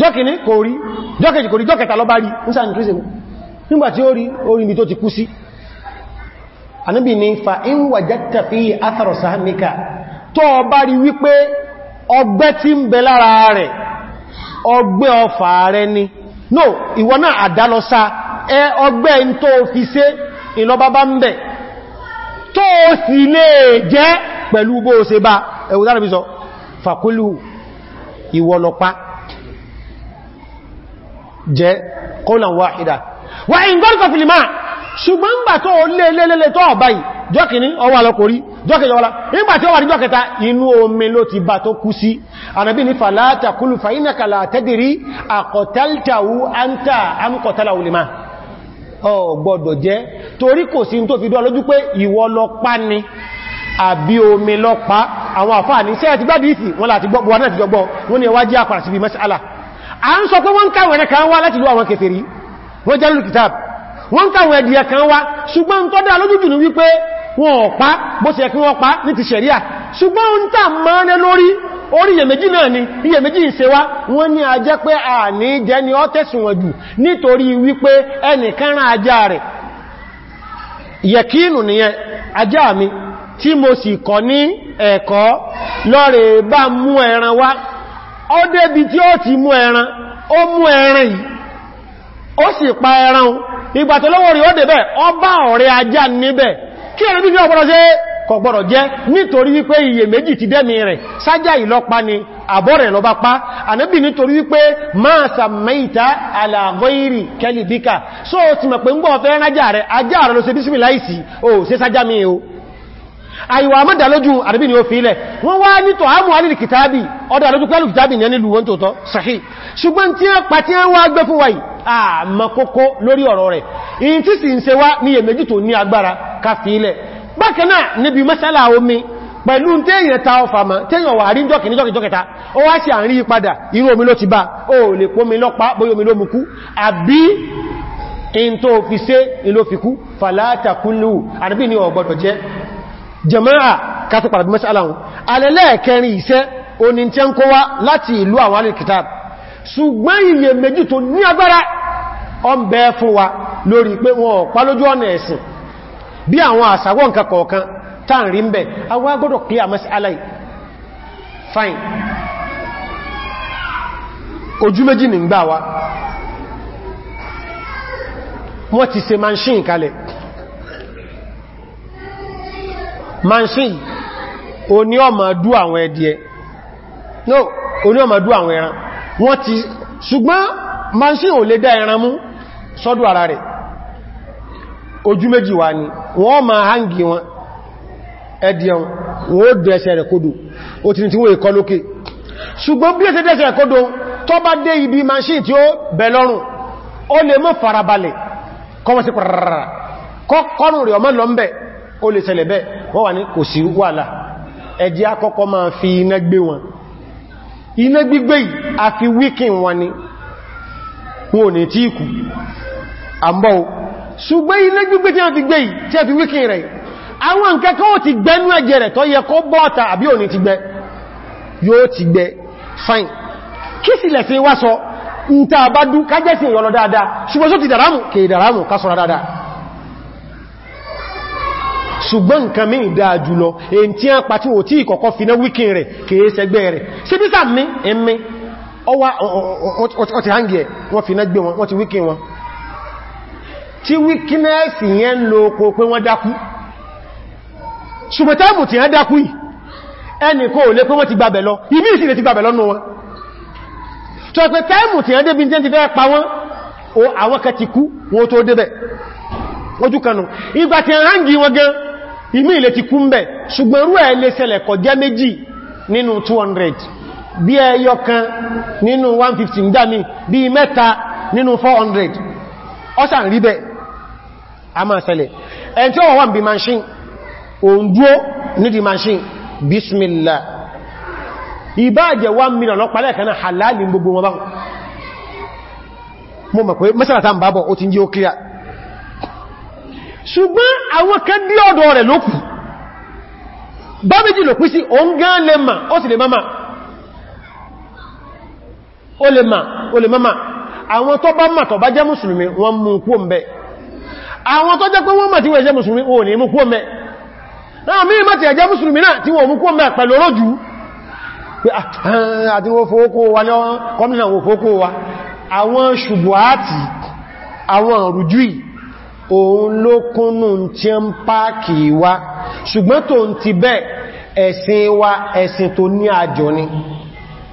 jọ́kìní kò rí jọ́kẹ̀jì kò rí jọ́kẹta lọ bá rí sáà nígbàtí ó rí orí ibi tó ti kú sí ní fa in wajadta fi athara tó bá rí wípé ọgbẹ́ tí ń bẹ lára rẹ̀ ọgbẹ́ ọfà rẹ̀ ni no ìwọ náà àdálọ́sá ẹ ọgbẹ́ tó fi ìlọba bá ń bẹ̀ tó sì lè jẹ́ pẹ̀lú bó ṣe bá jẹ́ kọ́làn wáhídà wà in gọ́rùkọ̀ fìlìmá ṣùgbọ́n gbà tó lélẹ́lẹ́lẹ́ tó ọ̀báyì jọ́kìní ọwà lọ́kòrí jọ́kẹjọ́wọ́lá nígbà tí ó wà ní jọ́kẹta inú omi ló ti bá tó kú sí ànàbí ní fàlátà kúlù fàínàkàlà tẹ́dìrí àkọ̀tẹ́ltàwú àǹtà àmkọ̀tẹ́làwú lè máa ọgbọ́dọ̀ jẹ́ torí kò sí tó fi dọ́ lójú pé ìwọ lọ pa ni àbí omi lọ pa àwọn àfáà ní sẹ́ẹ̀ ti gbádìí ìfì wọ́n láti gbọ́gbọ́ wọn náà ti gbọ́gbọ́ wọ́n ni ẹwà jẹ́ àpàrà sí bí mẹ́sàlá an so pe won kawe kan nwa lati lu awon keteri won je lu kitab won kawe dia kan wa sugbon to da loju junu wi pe won opa bo se kin won opa ni sugbon on ta lori ori ye meji na ni ye meji nse wa won ni a je pe a je ni o tesun nitori wi pe enikan ran aja re yakinu aja mi ti mo si ko ni eko lori ba mu eran ó débi tí ó ti mú ẹran ó mú ẹran yìí ó sì pa ẹran ìgbà tó lọ́wọ́ rí ó débẹ̀ ó bá ọ̀rẹ́ ajá níbẹ̀ kí ẹ̀rọ bí i jẹ́ jẹ́ nítorí wípé iye méjì ti dẹ́mi rẹ̀ sájá ni àbọ́rẹ̀ lọ pa ànábì nítorí wípé máa meita alàgọ́ìrì kẹlìbíkà so ti mọ̀ pé ń gbọ́ fẹ́ rájá rẹ̀ ajá rẹ̀ lọ sí bísmìláìsì ò sí mi o àìwà àmọ́dàlójú àrẹ́bí ni ó fi ilẹ̀ wọ́n wá nítọ̀ àmú alìlì kìtàbì ọdọ̀ àlójú pẹ́lú kìtàbì ní ẹni lùwọ́n tóòtọ́ sàhí ṣùgbọ́n tí wọ́n pàtí wọ́n wá gbé fún wáyìí àmọ́kókó lórí ọ̀rọ̀ rẹ̀ in tí sì ń ṣe wá ní èméjì tó ní agbára ká fi ilẹ̀ bákanáà níbi mẹ́sàlá omi pẹ̀lú téèyàn ta ọfà mọ́ téèyàn wà rí jọ́kì ní jọ́kì jọ́kẹta ó wá sí àrí padà irú omi ló ti bá ó lè fi kú fàlátàkúnlù àdúgbì ní ọ̀gbọ̀dọ̀ jẹ́ jama'a kátó pàdàbí mẹ́sàláhùn alẹ́lẹ́ẹ̀kẹrin iṣẹ́ oní tí ń kó wá láti ìlú àwọn alìkìtàb ṣùgbọ́n iye méjì tó ní agbára ọmọbẹ fún wa lórí pé wọn pa lójú ọ̀nà ẹ̀sìn bí àwọn àṣàwọ̀ nǹkan kọ̀ọ̀kan tàn rí ń bẹ̀ awá gbọ́dọ̀ pé àmẹ́sàlá fine ojú méjì ní ń gbà wa wọ́n ti ṣe máa ń ṣí ìkalẹ̀ manṣin oní ọmọ dú àwọn ẹdìẹ no oní ọmọ dú àwọn ẹran wọ́n ti ṣùgbọ́n manṣin ò lè dá ẹran mú sọ́dọ̀ ara rẹ̀ ojú méjì wà ní wọ́n ma hangi wọn ẹdìẹ wọn ó dẹ̀ẹ́sẹ̀ rẹ̀ kódò ó ti ní tí wọ́n èkọ́ lókè ṣùgbọ́n bí ẹ̀sẹ̀ dẹ̀ẹ́sẹ̀ rẹ̀ kódò tó bá dé ibi manṣin tí ó bẹ̀ lọ́rùn ó lè mọ́ farabalẹ̀ kọ́mọ́sí pàràrà kọ́kọ́rùn rẹ̀ ọmọ lọ́mbẹ̀ ó lè ṣẹlẹ̀ bẹ́ẹ̀ wọ́n wà ní kò sí wàhálà ẹjẹ́ akọ́kọ́ máa fi iná gbé wọn iná gbígbé àfi wíkìn wọn ni wọn ò ní tí ikú àmbọ́ ṣùgbẹ́ iná gbígbé tí wọ́n ti gbé tí a fi wíkìn rẹ̀ àwọn nkẹ́kọ́ ti gbẹ́nú ẹ̀jẹ̀ rẹ̀ tó yẹ kó bọ́ọ̀ta fine kí sì lẹ̀ sí wá sọ ń ta àbádú kájẹ́sì ìyọ̀nà ṣùgbọ́n nǹkan mí ìdáa jùlọ èyí tí a pàtí ò tí ìkọ̀kọ́ fi ná wíkín rẹ̀ kìí sẹgbẹ́ rẹ̀ sí bí sàmí ẹmí ọwá ti hangi ẹ̀ wọ́n fi ná gbé wọn wọ́n ti wíkín wọn tí wíkínẹ́ẹ̀sì yẹn ń lo kò pé wọ́n dákú ṣùgbọ́tàmù tí wọ́n dákú yìí ẹni kó lè pé wọ́n ti gbàbẹ̀ lọ ibi ìsìnlẹ̀ ti gbàbẹ̀ lọ́nà wọn tó pé táìmù tí wọ́n débi jẹ́ ti fẹ́ pa wọ́n o àwọn kẹ ti kú wọ́n tó débẹ̀ ojú kanù ìgbà tí wọ́n hangi wọn gan ìmí ilẹ̀ ti kún bẹ̀ ṣùgbọ́n rú ẹ̀ lè ṣẹlẹ̀ kò jẹ́ méjì nínú 200 bí ẹyọ kan nínú 150 dámi bí mẹ́ta nínú 400 ọ́sàn rí bẹ̀ a máa ṣẹlẹ̀ ẹn tí ó wọ́n bí manṣín òun dúó nídi manṣín bismillah ìbáàjẹ̀ 1 million lọ́pàá kan náà halal gbogbo wọn bá mo mọ̀ pé mẹ́sàlátà ń bábọ̀ ti jí ó kíyà ṣùgbọ́n àwọn kan dí ọ̀dọ̀ rẹ̀ ló kù bá méjì lò pín sí òun gán lè mà ó sì lè máma ó lè mà ó lè máma àwọn tó bá mà tó bá jẹ́ mùsùlùmí wọ́n mú kú ọmọ àwọn tó jẹ́ pé wọ́n mà tí wọ́n jẹ́ mùsùlùmí wọ́n ní mú kú ọmọ náà mí mà tí wọ́n jẹ́ náà tí wọ́n mú kú ọmọ pẹ̀lú ọlọ́jú pé ah, ah, àti wọ́n fowókó wa lọ́wọ́ kọ́mìnà wọ́n fowókó wa àwọn ṣùgbọ́ àti àwọn òrùjú òun ló kúnnù tí ń páàkì wá ṣùgbọ́n tó ń ti bẹ́ ẹ̀sìn wa ẹ̀sìn tó ní àjọ ni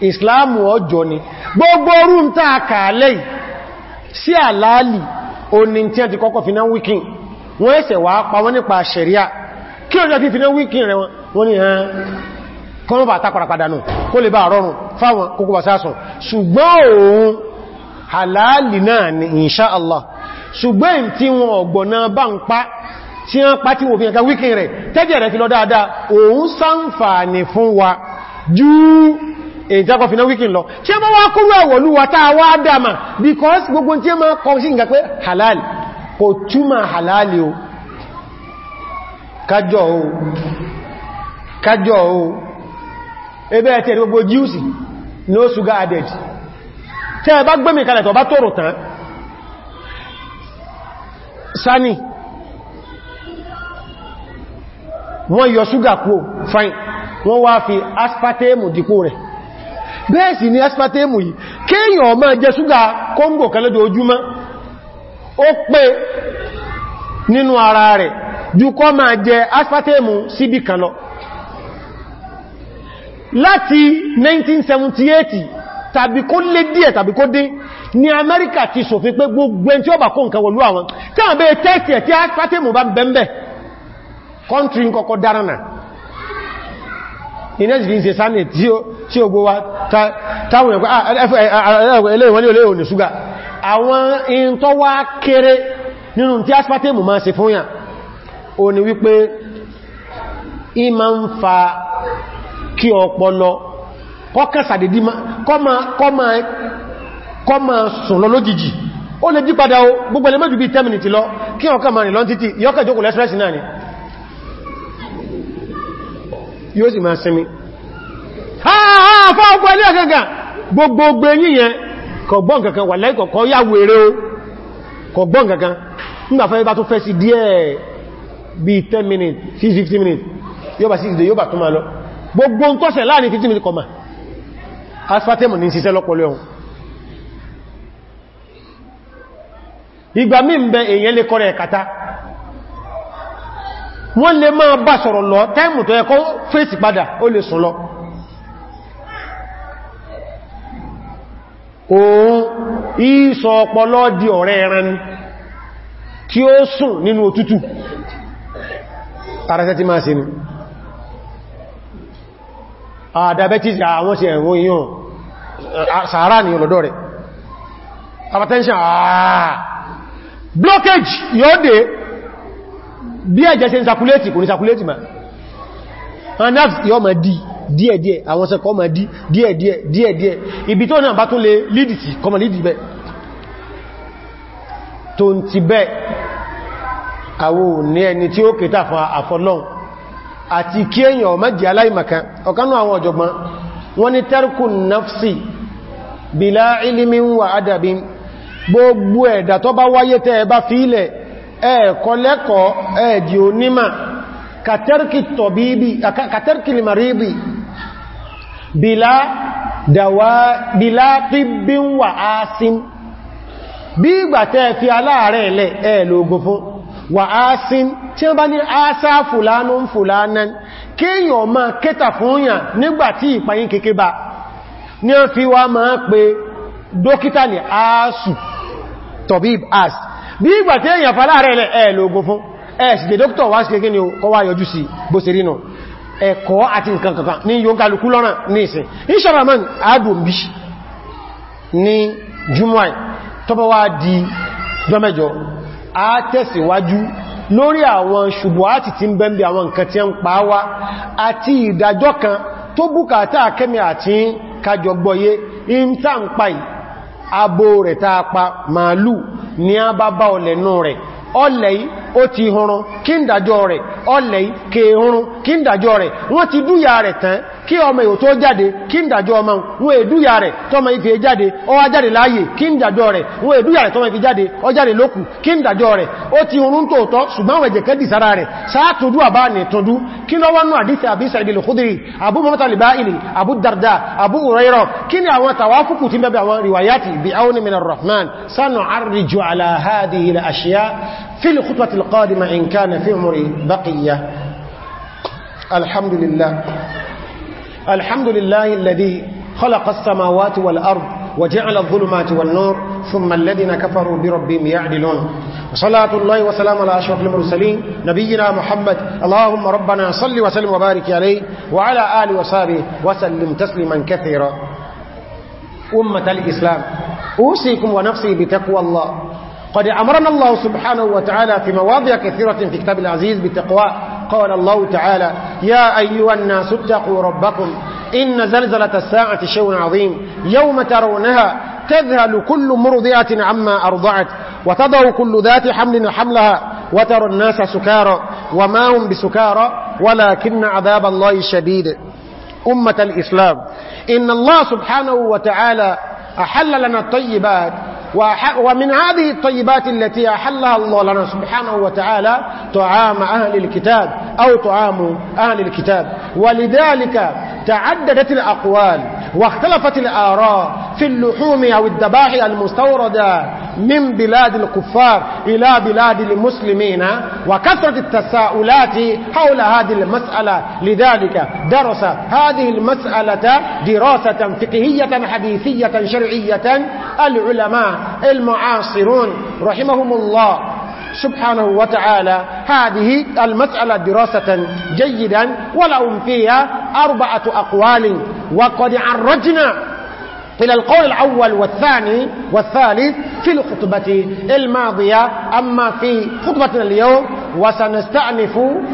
ìsìláàmù ọjọ́ ni gbogbo orú ń taa kààlẹ̀ sí àlàálì òní tí a ti kọ́kọ́ fi náà wíkín wọ́n ẹ̀sẹ̀ wà pa wọ́n nípa ṣẹ̀ríà kí ọjọ́ ti fi náà wíkín rẹ wọ́n ni kọ́nà bá nù kó lè bá rọrùn fáwọn bá sásùn ṣùgbọ́n òun náà ni ṣùgbọ́n tí wọn ọ̀gbọ̀nà bá ń pa tí wọ́n pa tí wọ́n fi ẹ̀ka wíkín rẹ̀ tẹ́jẹ̀ rẹ̀ fi lọ dáadáa òun sáǹfààní fún wa jú ìjákọ̀fìná wíkín lọ tí wọ́n wá kúrò ẹ̀wọ̀lúwa táa wá dáma because gbogbo tí wọ́n kọ sí ìgbà halal kò túmọ̀ halal o kájọ o ebe ẹ̀ tẹ́ gbogbo no sugar added tẹ́ ẹ bá gbẹ́mì sani wọ́n yọ ṣúgà kúrò fine wọ́n wá fi aspartame dípò rẹ̀ bẹ́ẹ̀ sì ni aspartame yìí kéèyàn máa jẹ ṣúgà kóngò kan lójó ojúmọ́ ó pé nínú ara rẹ̀ jù máa jẹ aspartame síbì kan lọ láti 1978 tàbí kó lé díẹ̀ tàbí kó dín ní Amẹ́ríkà ti ṣòfin pé gbogbo ẹn tí ó bà kó nǹkan wọlú àwọn tí àwọn bẹ́ tẹ́ẹ̀tì ẹ̀ tí a pàtẹ́ mọ̀ bá ń bẹ́m̀bẹ̀ kọ́ntrí ń kọ́kọ́ dárànà inẹ́sìdí ń se sáàmì tí ó gbówá táwọn ẹ̀kọ́ kọ́kàn sàdédí kọ́ ma kọ́ ma sùn lọ lójijì ó lè jípadà o gbogbo ẹlẹ́mọ́ jù bí 10 minutes lọ kí ọkà ma rìn lọ títí yọ́kà jókòó lẹ́sẹ̀rẹ́sì náà ni yóò sì máa sinmi fáwọ́gbọ́ ilé ọ̀gẹ́gà gbogbogbò yíyẹn kọ̀gbọ́n kankan wà lẹ́kọ̀ọ́kọ́ yà wèrè o kọ̀gbọ́n kankan nígbàfẹ́ bá tó fẹ́ minutes 15 minutes yóò bá sí ìdè yóò bá tó máa lọ ìgbà mí ń bẹ èèyàn lè kọ́rẹ̀ ẹ̀kàtá wọ́n lè máa bá sọ̀rọ̀ lọ táìmù tó ẹkọ́ fèsì padà ó lè sùn lọ òun ìsọ ọpọlọ di ọ̀rẹ́ ẹran tí ó sùn nínú òtútù tàrẹsẹ́ tí máa ṣe ni àdàbẹ́tìsì àwọn ṣe ẹ̀wọ̀n yíò sàárà ní ọlọ́dọ́ rẹ̀ hypertension àà blockage yóò dé bí ẹ̀jẹ̀ ṣe ń sàkúlétì kò ní sàkúlétì ma and that's yóò ma dí díẹ̀díẹ̀ àwọn sẹ́kọ́ ma dí díẹ̀díẹ̀ díẹ̀díẹ̀ ibi tó náà bá tún lè lídì sí kọmọ lídì bẹ́ tó ń ti bẹ́ àwọ ní ẹni tí ó kẹta fún àfọlọ́n àti kí èyàn ọmọ jẹ́ aláìmọ̀kan ọ̀kanú àwọn ọ̀jọ̀gbọ́n wọ́n ni tarkun nafsi bila ilimin wa adabin gbogbo ẹ̀dà tó bá wáyé tẹ́ ẹbá fílẹ̀ ẹ̀ẹ̀kọ́ lẹ́kọ̀ọ́ ẹ̀ẹ̀dì onímà kàtẹ́rkì maríbi bílá tíbí ń wà áásín bí ìgbà tẹ́ fi aláàrẹ̀ ilẹ̀ ẹ̀ẹ̀lógún fún wà áásín tí wọ́n bá ní áásá fùlánú fùlánán kéèyàn ma kéta fún yàn nígbàtí ìpayín kéké bá ní wọ́n fi wá máa pé dókítà ní áásù tọ̀bíb as bí ìgbà tí èyàn fàlá rẹ̀ ilẹ̀ ẹ̀lógún fún ẹ̀sì dé dókítọ̀ wá sí kíni kọ́ wá yọjú sí bó ṣe rínà ẹ̀kọ́ àti nǹkan kankan ní yóò kálukú lọ́nà ní ìsìn ìṣọ́rọ̀mọ́n àádùnbí ní jùmọ́ì tọ́bọ̀ wá di jọmẹ́jọ a tẹ̀síwájú lórí àwọn ṣubuhati tí ń bẹ́m̀bí in tá ń pa yìí abo rẹ̀ tàà pa màálù ní a bá bá ọlẹ̀ rẹ̀ ọlẹ̀ yìí ó ti hurun kí ń dàjọ́ rẹ̀ ọlẹ̀ kè hurun kí ń dàjọ́ rẹ̀ wọ́n ti dúyà rẹ̀ tán kí ọmọ èyò tó jáde kí ń dàjọ́ ọmọ wọn èdúyà rẹ̀ tọ́mọ ife jáde ọwá jáde láàyè kí ń dàjọ́ rẹ̀ wọn èdúyà rẹ̀ tọ́mọ ife jáde ọ jáde lókù kí ń dàjọ́ rẹ̀ ó ti hurun tóòtọ́ ṣùgbọ́n wẹ̀jẹ̀ kẹ́dì sára rẹ̀ sáàtòdú àbá ní tọ́dú kí lọ wọ́nú àdífẹ́ àbí sàìdìlì khudri abu mamata libaili abu darda abu urairo kí ni àwọn tàwáfùkù tí bẹ́bẹ̀ àwọn riwayati bi auni minar rahman sanu arriju ala hadihi al ashiya fil القادمة إن كان في عمري بقية الحمد لله الحمد لله الذي خلق السماوات والأرض وجعل الظلمات والنور ثم الذين كفروا بربهم يعدلون صلاة الله وسلام على أشرف المرسلين نبينا محمد اللهم ربنا صل وسلم وبارك عليه وعلى آل وصحبه وسلم تسليما كثيرا أمة الإسلام أوصيكم ونفسي بتقوى الله قد أمرنا الله سبحانه وتعالى في مواضع كثيرة في كتاب العزيز بالتقوى قال الله تعالى يا أيها الناس اتقوا ربكم إن زلزلة الساعة شيء عظيم يوم ترونها تذهل كل مرضئة عما أرضعت وتضع كل ذات حمل حملها وترى الناس سكارى وما هم بسكارى ولكن عذاب الله شديد أمة الإسلام إن الله سبحانه وتعالى أحل لنا الطيبات ومن هذه الطيبات التي أحلها الله لنا سبحانه وتعالى طعام أهل الكتاب أو طعام أهل الكتاب ولذلك تعددت الأقوال واختلفت الآراء في اللحوم أو الذبائح المستوردة من بلاد الكفار إلى بلاد المسلمين وكثرة التساؤلات حول هذه المسألة لذلك درس هذه المسألة دراسة فقهية حديثية شرعية العلماء المعاصرون رحمهم الله سبحانه وتعالى هذه المسألة دراسة جيدا ولهم فيها أربعة أقوال وقد عرجنا إلى القول الأول والثاني والثالث في الخطبة الماضية أما في خطبتنا اليوم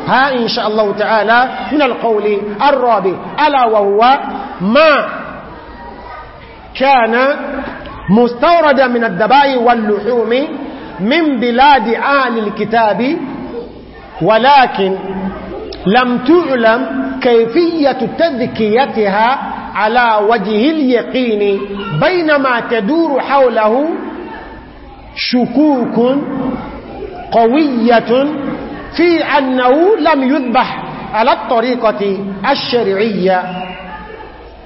ها إن شاء الله تعالى من القول الرابع ألا وهو ما كان مستوردا من الدباء واللحوم من بلاد آل الكتاب ولكن لم تعلم كيفية تذكيتها على وجه اليقين بينما تدور حوله شكوك قوية في أنه لم يذبح على الطريقة الشرعية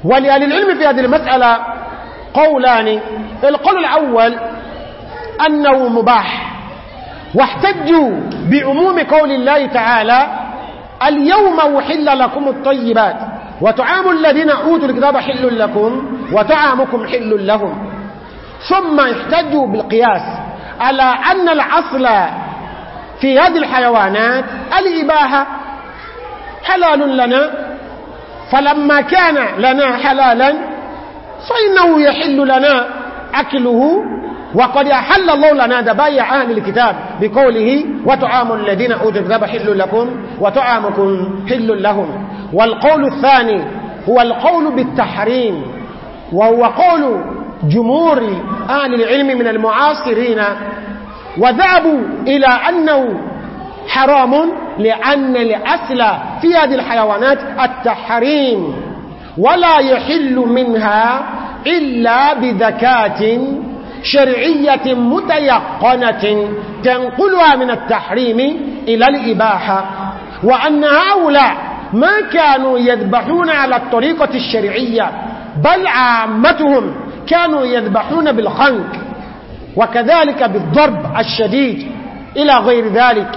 ولأهل العلم في هذه المسألة قولان القول الأول أنه مباح واحتجوا بعموم قول الله تعالى اليوم وحل لكم الطيبات وطعام الذين أوتوا الكتاب حل لكم وطعامكم حل لهم ثم احتجوا بالقياس على أن الأصل في هذه الحيوانات الإباحة حلال لنا فلما كان لنا حلالا فإنه يحل لنا أكله وقد أحل الله لنا دبايع أهل الكتاب بقوله وطعام الذين أوتوا الكتاب حل لكم وطعامكم حل لهم والقول الثاني هو القول بالتحريم وهو قول جمهور أهل العلم من المعاصرين وذهبوا إلى أنه حرام لأن الأسل في هذه الحيوانات التحريم ولا يحل منها إلا بذكاة شرعية متيقنة تنقلها من التحريم إلى الإباحة وأن هؤلاء ما كانوا يذبحون على الطريقة الشرعية بل عامتهم كانوا يذبحون بالخنق وكذلك بالضرب الشديد إلى غير ذلك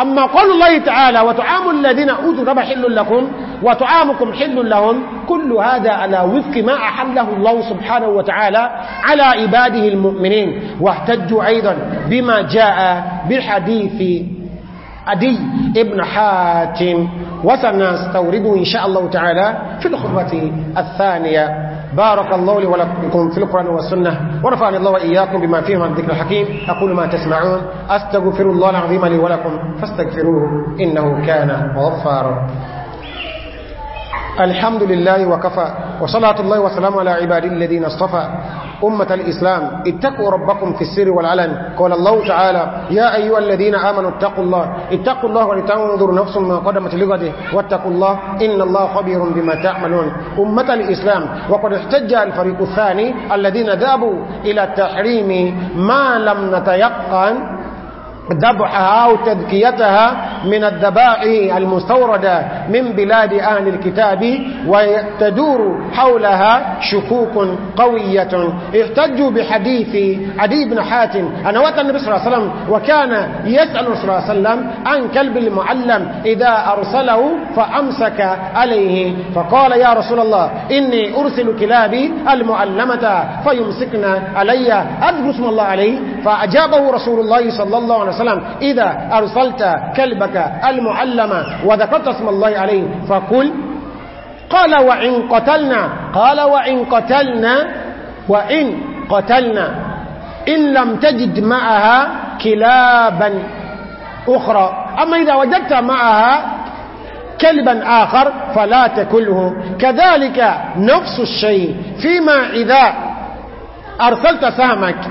أما قول الله تعالى وتعام الذين أوتوا الربا حل لكم وتعامكم حل لهم كل هذا على وفق ما أحله الله سبحانه وتعالى على عباده المؤمنين واهتجوا أيضا بما جاء بحديث أدي ابن حاتم وسنستورده إن شاء الله تعالى في الخطبة الثانية بارك الله لي ولكم في القرآن والسنة ورفعني الله وإياكم بما فيه من الذكر الحكيم أقول ما تسمعون أستغفر الله العظيم لي ولكم فاستغفروه إنه كان غفارا الحمد لله وكفى وصلاة الله وسلام على عباد الذين اصطفى أمة الإسلام اتقوا ربكم في السر والعلن قال الله تعالى يا أيها الذين آمنوا اتقوا الله اتقوا الله ولتنظر نفس ما قدمت لغده واتقوا الله إن الله خبير بما تعملون أمة الإسلام وقد احتج الفريق الثاني الذين ذابوا إلى تحريم ما لم نتيقن ذبحها أو تذكيتها من الذبائح المستوردة من بلاد أهل الكتاب وتدور حولها شكوك قوية احتجوا بحديث عدي بن حاتم أنا وقت النبي صلى الله عليه وسلم وكان يسأل صلى الله عليه وسلم عن كلب المعلم إذا أرسله فأمسك عليه فقال يا رسول الله إني أرسل كلابي المعلمة فيمسكنا علي أذكر اسم الله عليه فأجابه رسول الله صلى الله عليه وسلم وسلم إذا أرسلت كلبك المعلم وذكرت اسم الله عليه فقل قال وإن قتلنا قال وإن قتلنا وإن قتلنا إن لم تجد معها كلابا أخرى أما إذا وجدت معها كلبا آخر فلا تكله كذلك نفس الشيء فيما إذا أرسلت سهمك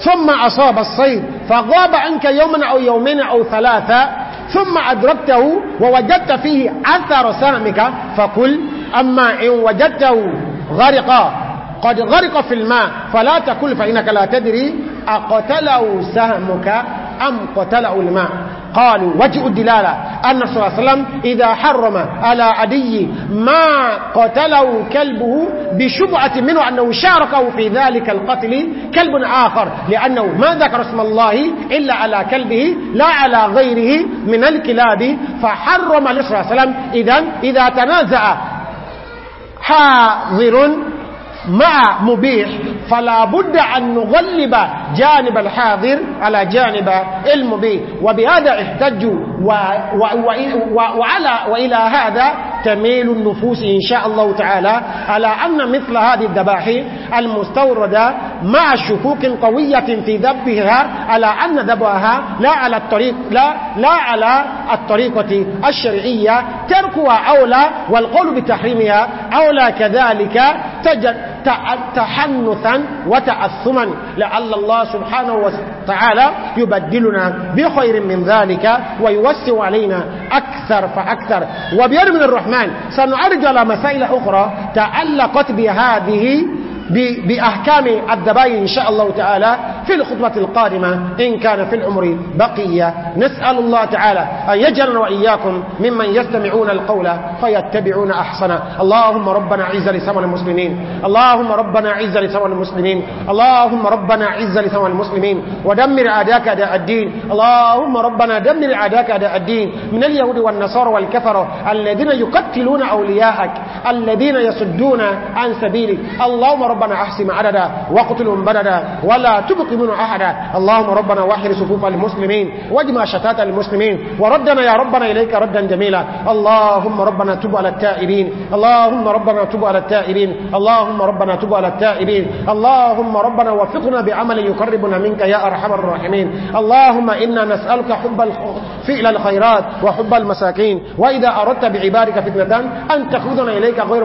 ثم أصاب الصيد فغاب عنك يوما أو يومين أو ثلاثة ثم أدركته ووجدت فيه أثر سامك فقل أما إن وجدته غرق قد غرق في الماء فلا تكل فإنك لا تدري أقتله سهمك أم قتله الماء قالوا وجه الدلالة أن صلى الله عليه وسلم إذا حرم على عدي ما قتله كلبه بشبعة منه أنه شاركه في ذلك القتل كلب آخر لأنه ما ذكر اسم الله إلا على كلبه لا على غيره من الكلاب فحرم لصلى الله عليه وسلم إذا, إذا تنازع حاضر مع مبيح فلا بد أن نغلب جانب الحاضر على جانب المبيح وبهذا احتج و... و... و... وعلى وإلى هذا تميل النفوس إن شاء الله تعالى على أن مثل هذه الذبائح المستوردة مع شكوك قوية في ذبها على أن ذبها لا على الطريق لا لا على الطريقة الشرعية تركها أولى والقول بتحريمها أولى كذلك تجد تحنثا وتأثما لعل الله سبحانه وتعالى يبدلنا بخير من ذلك ويوسع علينا أكثر فأكثر وبيرمن الرحمن سنعرج على مسائل أخرى تعلقت بهذه بأحكام الذبائح إن شاء الله تعالى في الخطبة القادمة إن كان في العمر بقية نسأل الله تعالى أن يجعلنا وإياكم ممن يستمعون القول فيتبعون أحسنه اللهم ربنا عز لسوى المسلمين اللهم ربنا عز لسوى المسلمين اللهم ربنا عز لسوى المسلمين ودمر أعداءك أداء الدين اللهم ربنا دمر أعداءك أداء الدين من اليهود والنصارى والكفرة الذين يقتلون أولياءك الذين يصدون عن سبيلك اللهم ربنا ربنا أحسم عددا واقتلهم بددا ولا تبق من أحدا اللهم ربنا واحر صفوف المسلمين واجمع شتات المسلمين وردنا يا ربنا إليك ردا جميلا اللهم ربنا تب على التائبين اللهم ربنا تب على التائبين اللهم ربنا تب على التائبين اللهم ربنا وفقنا بعمل يقربنا منك يا أرحم الراحمين اللهم إنا نسألك حب فعل الخيرات وحب المساكين وإذا أردت بعبادك فتنة أن تخذنا إليك غير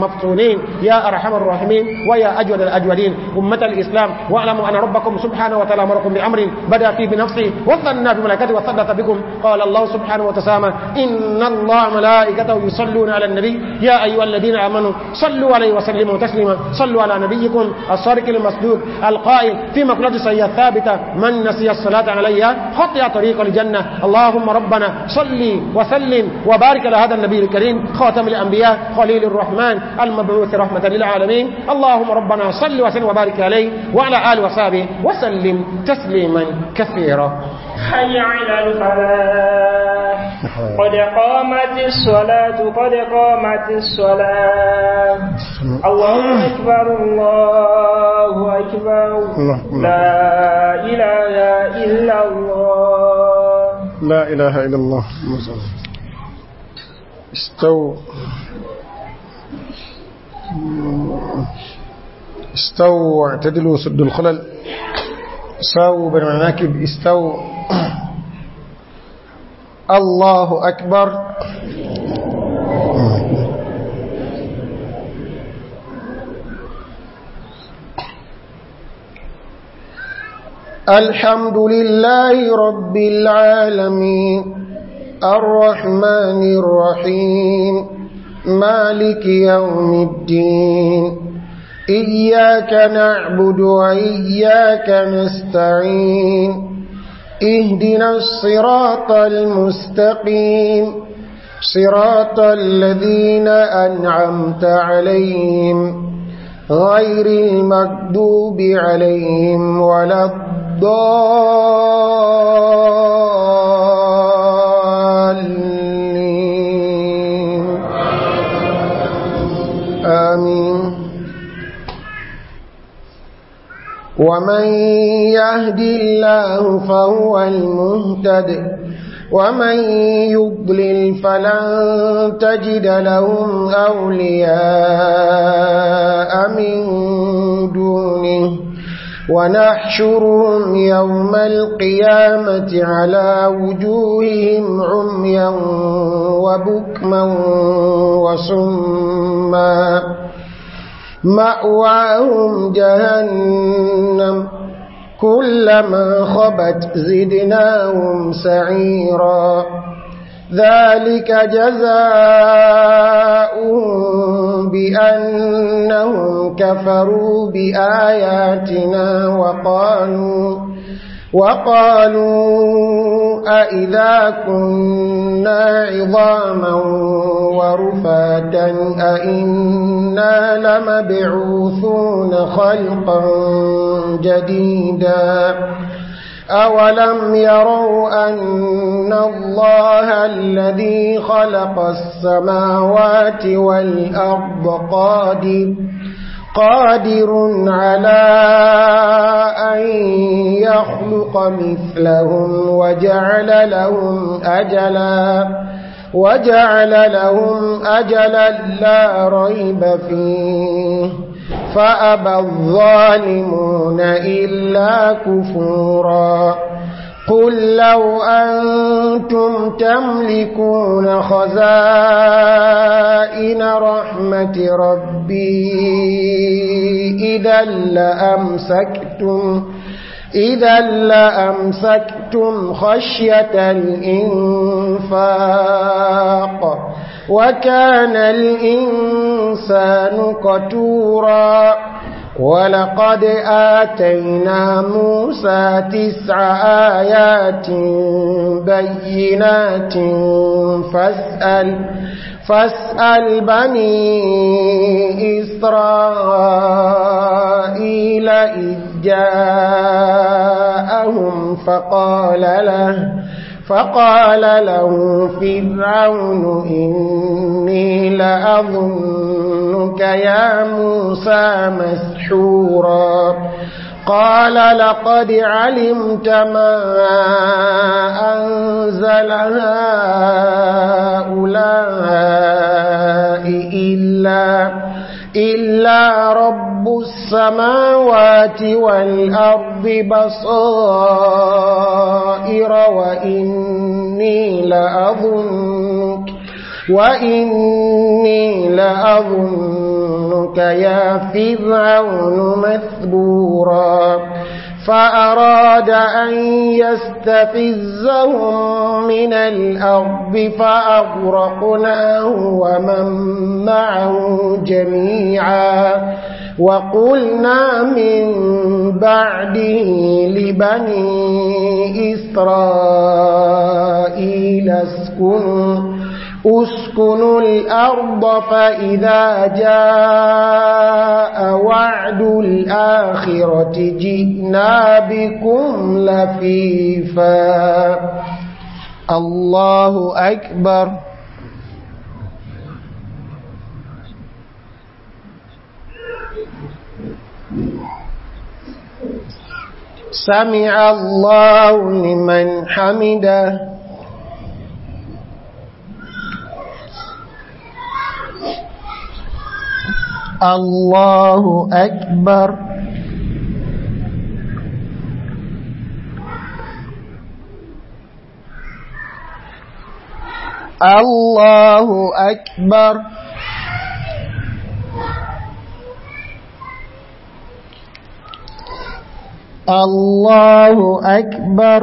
مفتونين يا أرحم الراحمين ويا أجود الأجودين أمة الإسلام واعلموا أن ربكم سبحانه وتعالى أمركم بأمر بدأ فيه بنفسه وثنى بملائكته وثلث بكم قال الله سبحانه وتسامى إن الله ملائكته يصلون على النبي يا أيها الذين آمنوا صلوا عليه وسلموا تسليما صلوا على نبيكم الصارق المصدوق القائل في مقلة سيئة ثابتة من نسي الصلاة عليها خطي طريق الجنة اللهم ربنا صلي وسلم وبارك على هذا النبي الكريم خاتم الأنبياء خليل الرحمن المبعوث رحمة للعالمين اللهم اللهم ربنا صل وسلم وبارك عليه وعلى آله وصحبه وسلم تسليما كثيرا حي على الفلاح قد قامت الصلاة قد قامت الصلاة الله أكبر الله أكبر لا إله إلا الله لا إله إلا الله استو استووا واعتدلوا سد الخلل بن مناكب استووا الله أكبر الحمد لله رب العالمين الرحمن الرحيم مالك يوم الدين إياك نعبد وإياك نستعين اهدنا الصراط المستقيم صراط الذين أنعمت عليهم غير المكذوب عليهم ولا الضال ومن يهد الله فهو المهتد ومن يضلل فلن تجد لهم أولياء من دونه ونحشرهم يوم القيامة على وجوههم عميا وبكما وصما مأواهم جهنم كلما خبت زدناهم سعيرا ذلك جزاؤهم بأنهم كفروا بآياتنا وقالوا وقالوا أئذا كنا عظاما ورفاتا أئنا لمبعوثون خلقا جديدا أولم يروا أن الله الذي خلق السماوات والأرض قادر قادر على أن يخلق مثلهم وجعل لهم أجلا وجعل لهم أجلا لا ريب فيه فأبى الظالمون إلا كفوراً قل لو أنتم تملكون خزائن رحمة ربي إذا لأمسكتم إذا لأمسكتم خشية الإنفاق وكان الإنسان قتوراً ولقد آتينا موسى تسع آيات بينات فاسأل فاسأل بني إسرائيل إذ جاءهم فقال له فقال له فرعون إني لأظنك يا موسى مسحورا قال لقد علمت ما أنزل هؤلاء إلا إلا رب السماوات والأرض بصائر وإني لأظنك وإني لأظنك يا فرعون مثبوراً فأراد أن يستفزهم من الأرض فأغرقناه ومن معه جميعا وقلنا من بعده لبني إسرائيل اسكنوا أسكنوا الأرض فإذا جاء وعد الآخرة جئنا بكم لفيفا الله أكبر سمع الله لمن حمده Allahu Akbar Allahu Akbar Allahu Akbar Allahu Akbar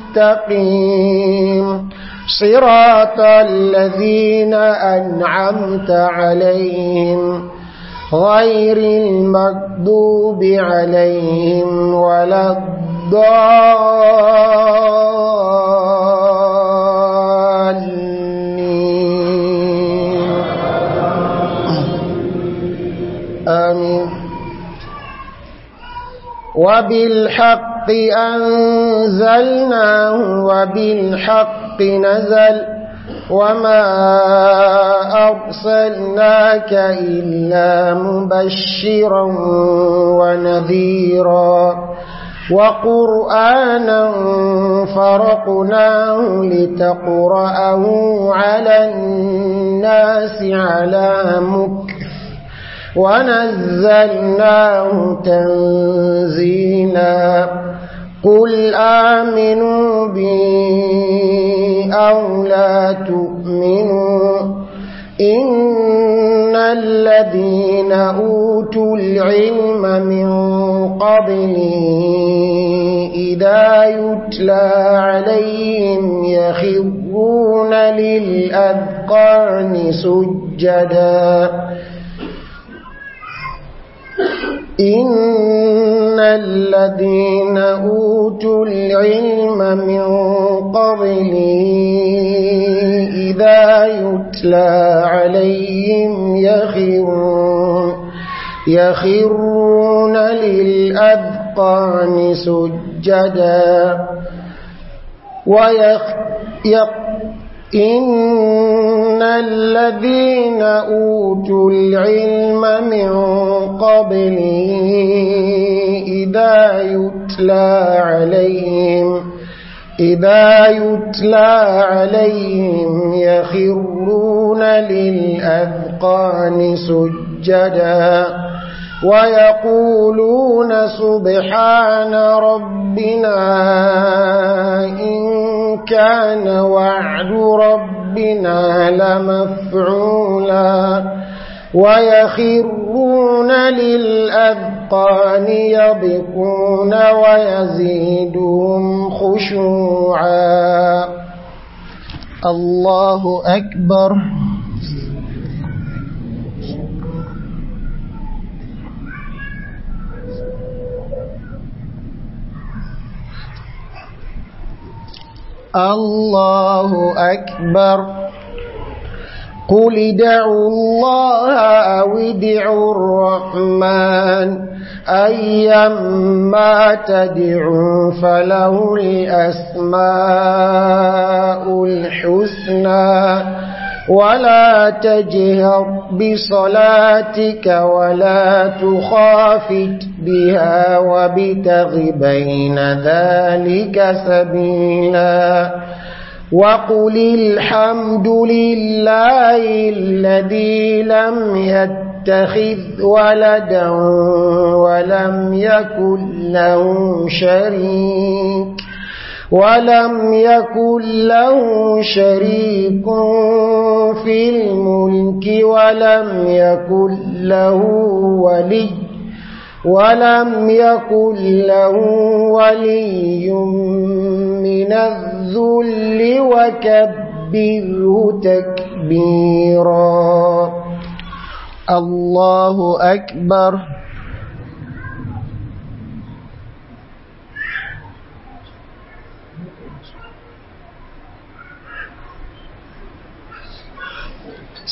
المستقيم صراط الذين أنعمت عليهم غير المكذوب عليهم ولا الضالين آمين وبالحق بالحق أنزلناه وبالحق نزل وما أرسلناك إلا مبشرا ونذيرا وقرآنا فرقناه لتقرأه على الناس على مكر ونزلناه تنزيلا قل آمنوا بي أو لا تؤمنوا إن الذين أوتوا العلم من قبلي إذا يتلى عليهم يخرون للأذقان سجداً إن الذين أوتوا العلم من قبله إذا يتلى عليهم يخرون يخرون للأذقان سجدا ويخ إن إن الذين أوتوا العلم من قبله إذا يتلى عليهم إذا يتلى عليهم يخرون للأذقان سجداً ويقولون سبحان ربنا إن كان وعد ربنا لمفعولا ويخرون للأذقان يبكون ويزيدهم خشوعا الله أكبر الله أكبر قل ادعوا الله أو ادعوا الرحمن أيما تدعوا فله الأسماء الحسنى ولا تجهر بصلاتك ولا تخافت بها وبتغ بين ذلك سبيلا وقل الحمد لله الذي لم يتخذ ولدا ولم يكن له شريك ولم يكن له شريك في الملك ولم يكن له ولي ولم يكن له ولي من الذل وكبره تكبيرا الله أكبر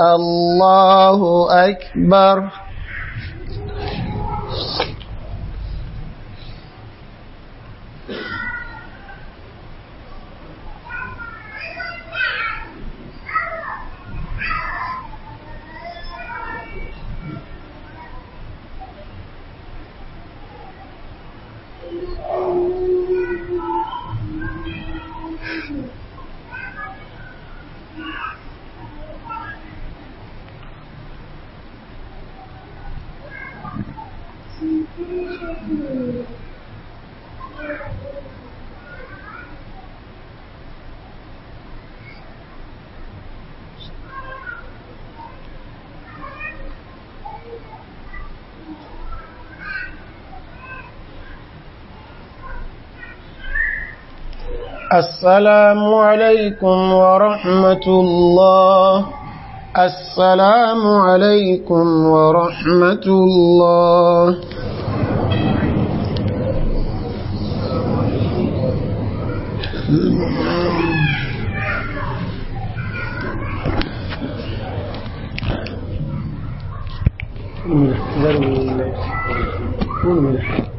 الله أكبر السلام عليكم ورحمة الله السلام عليكم ورحمة الله من احتلال من الله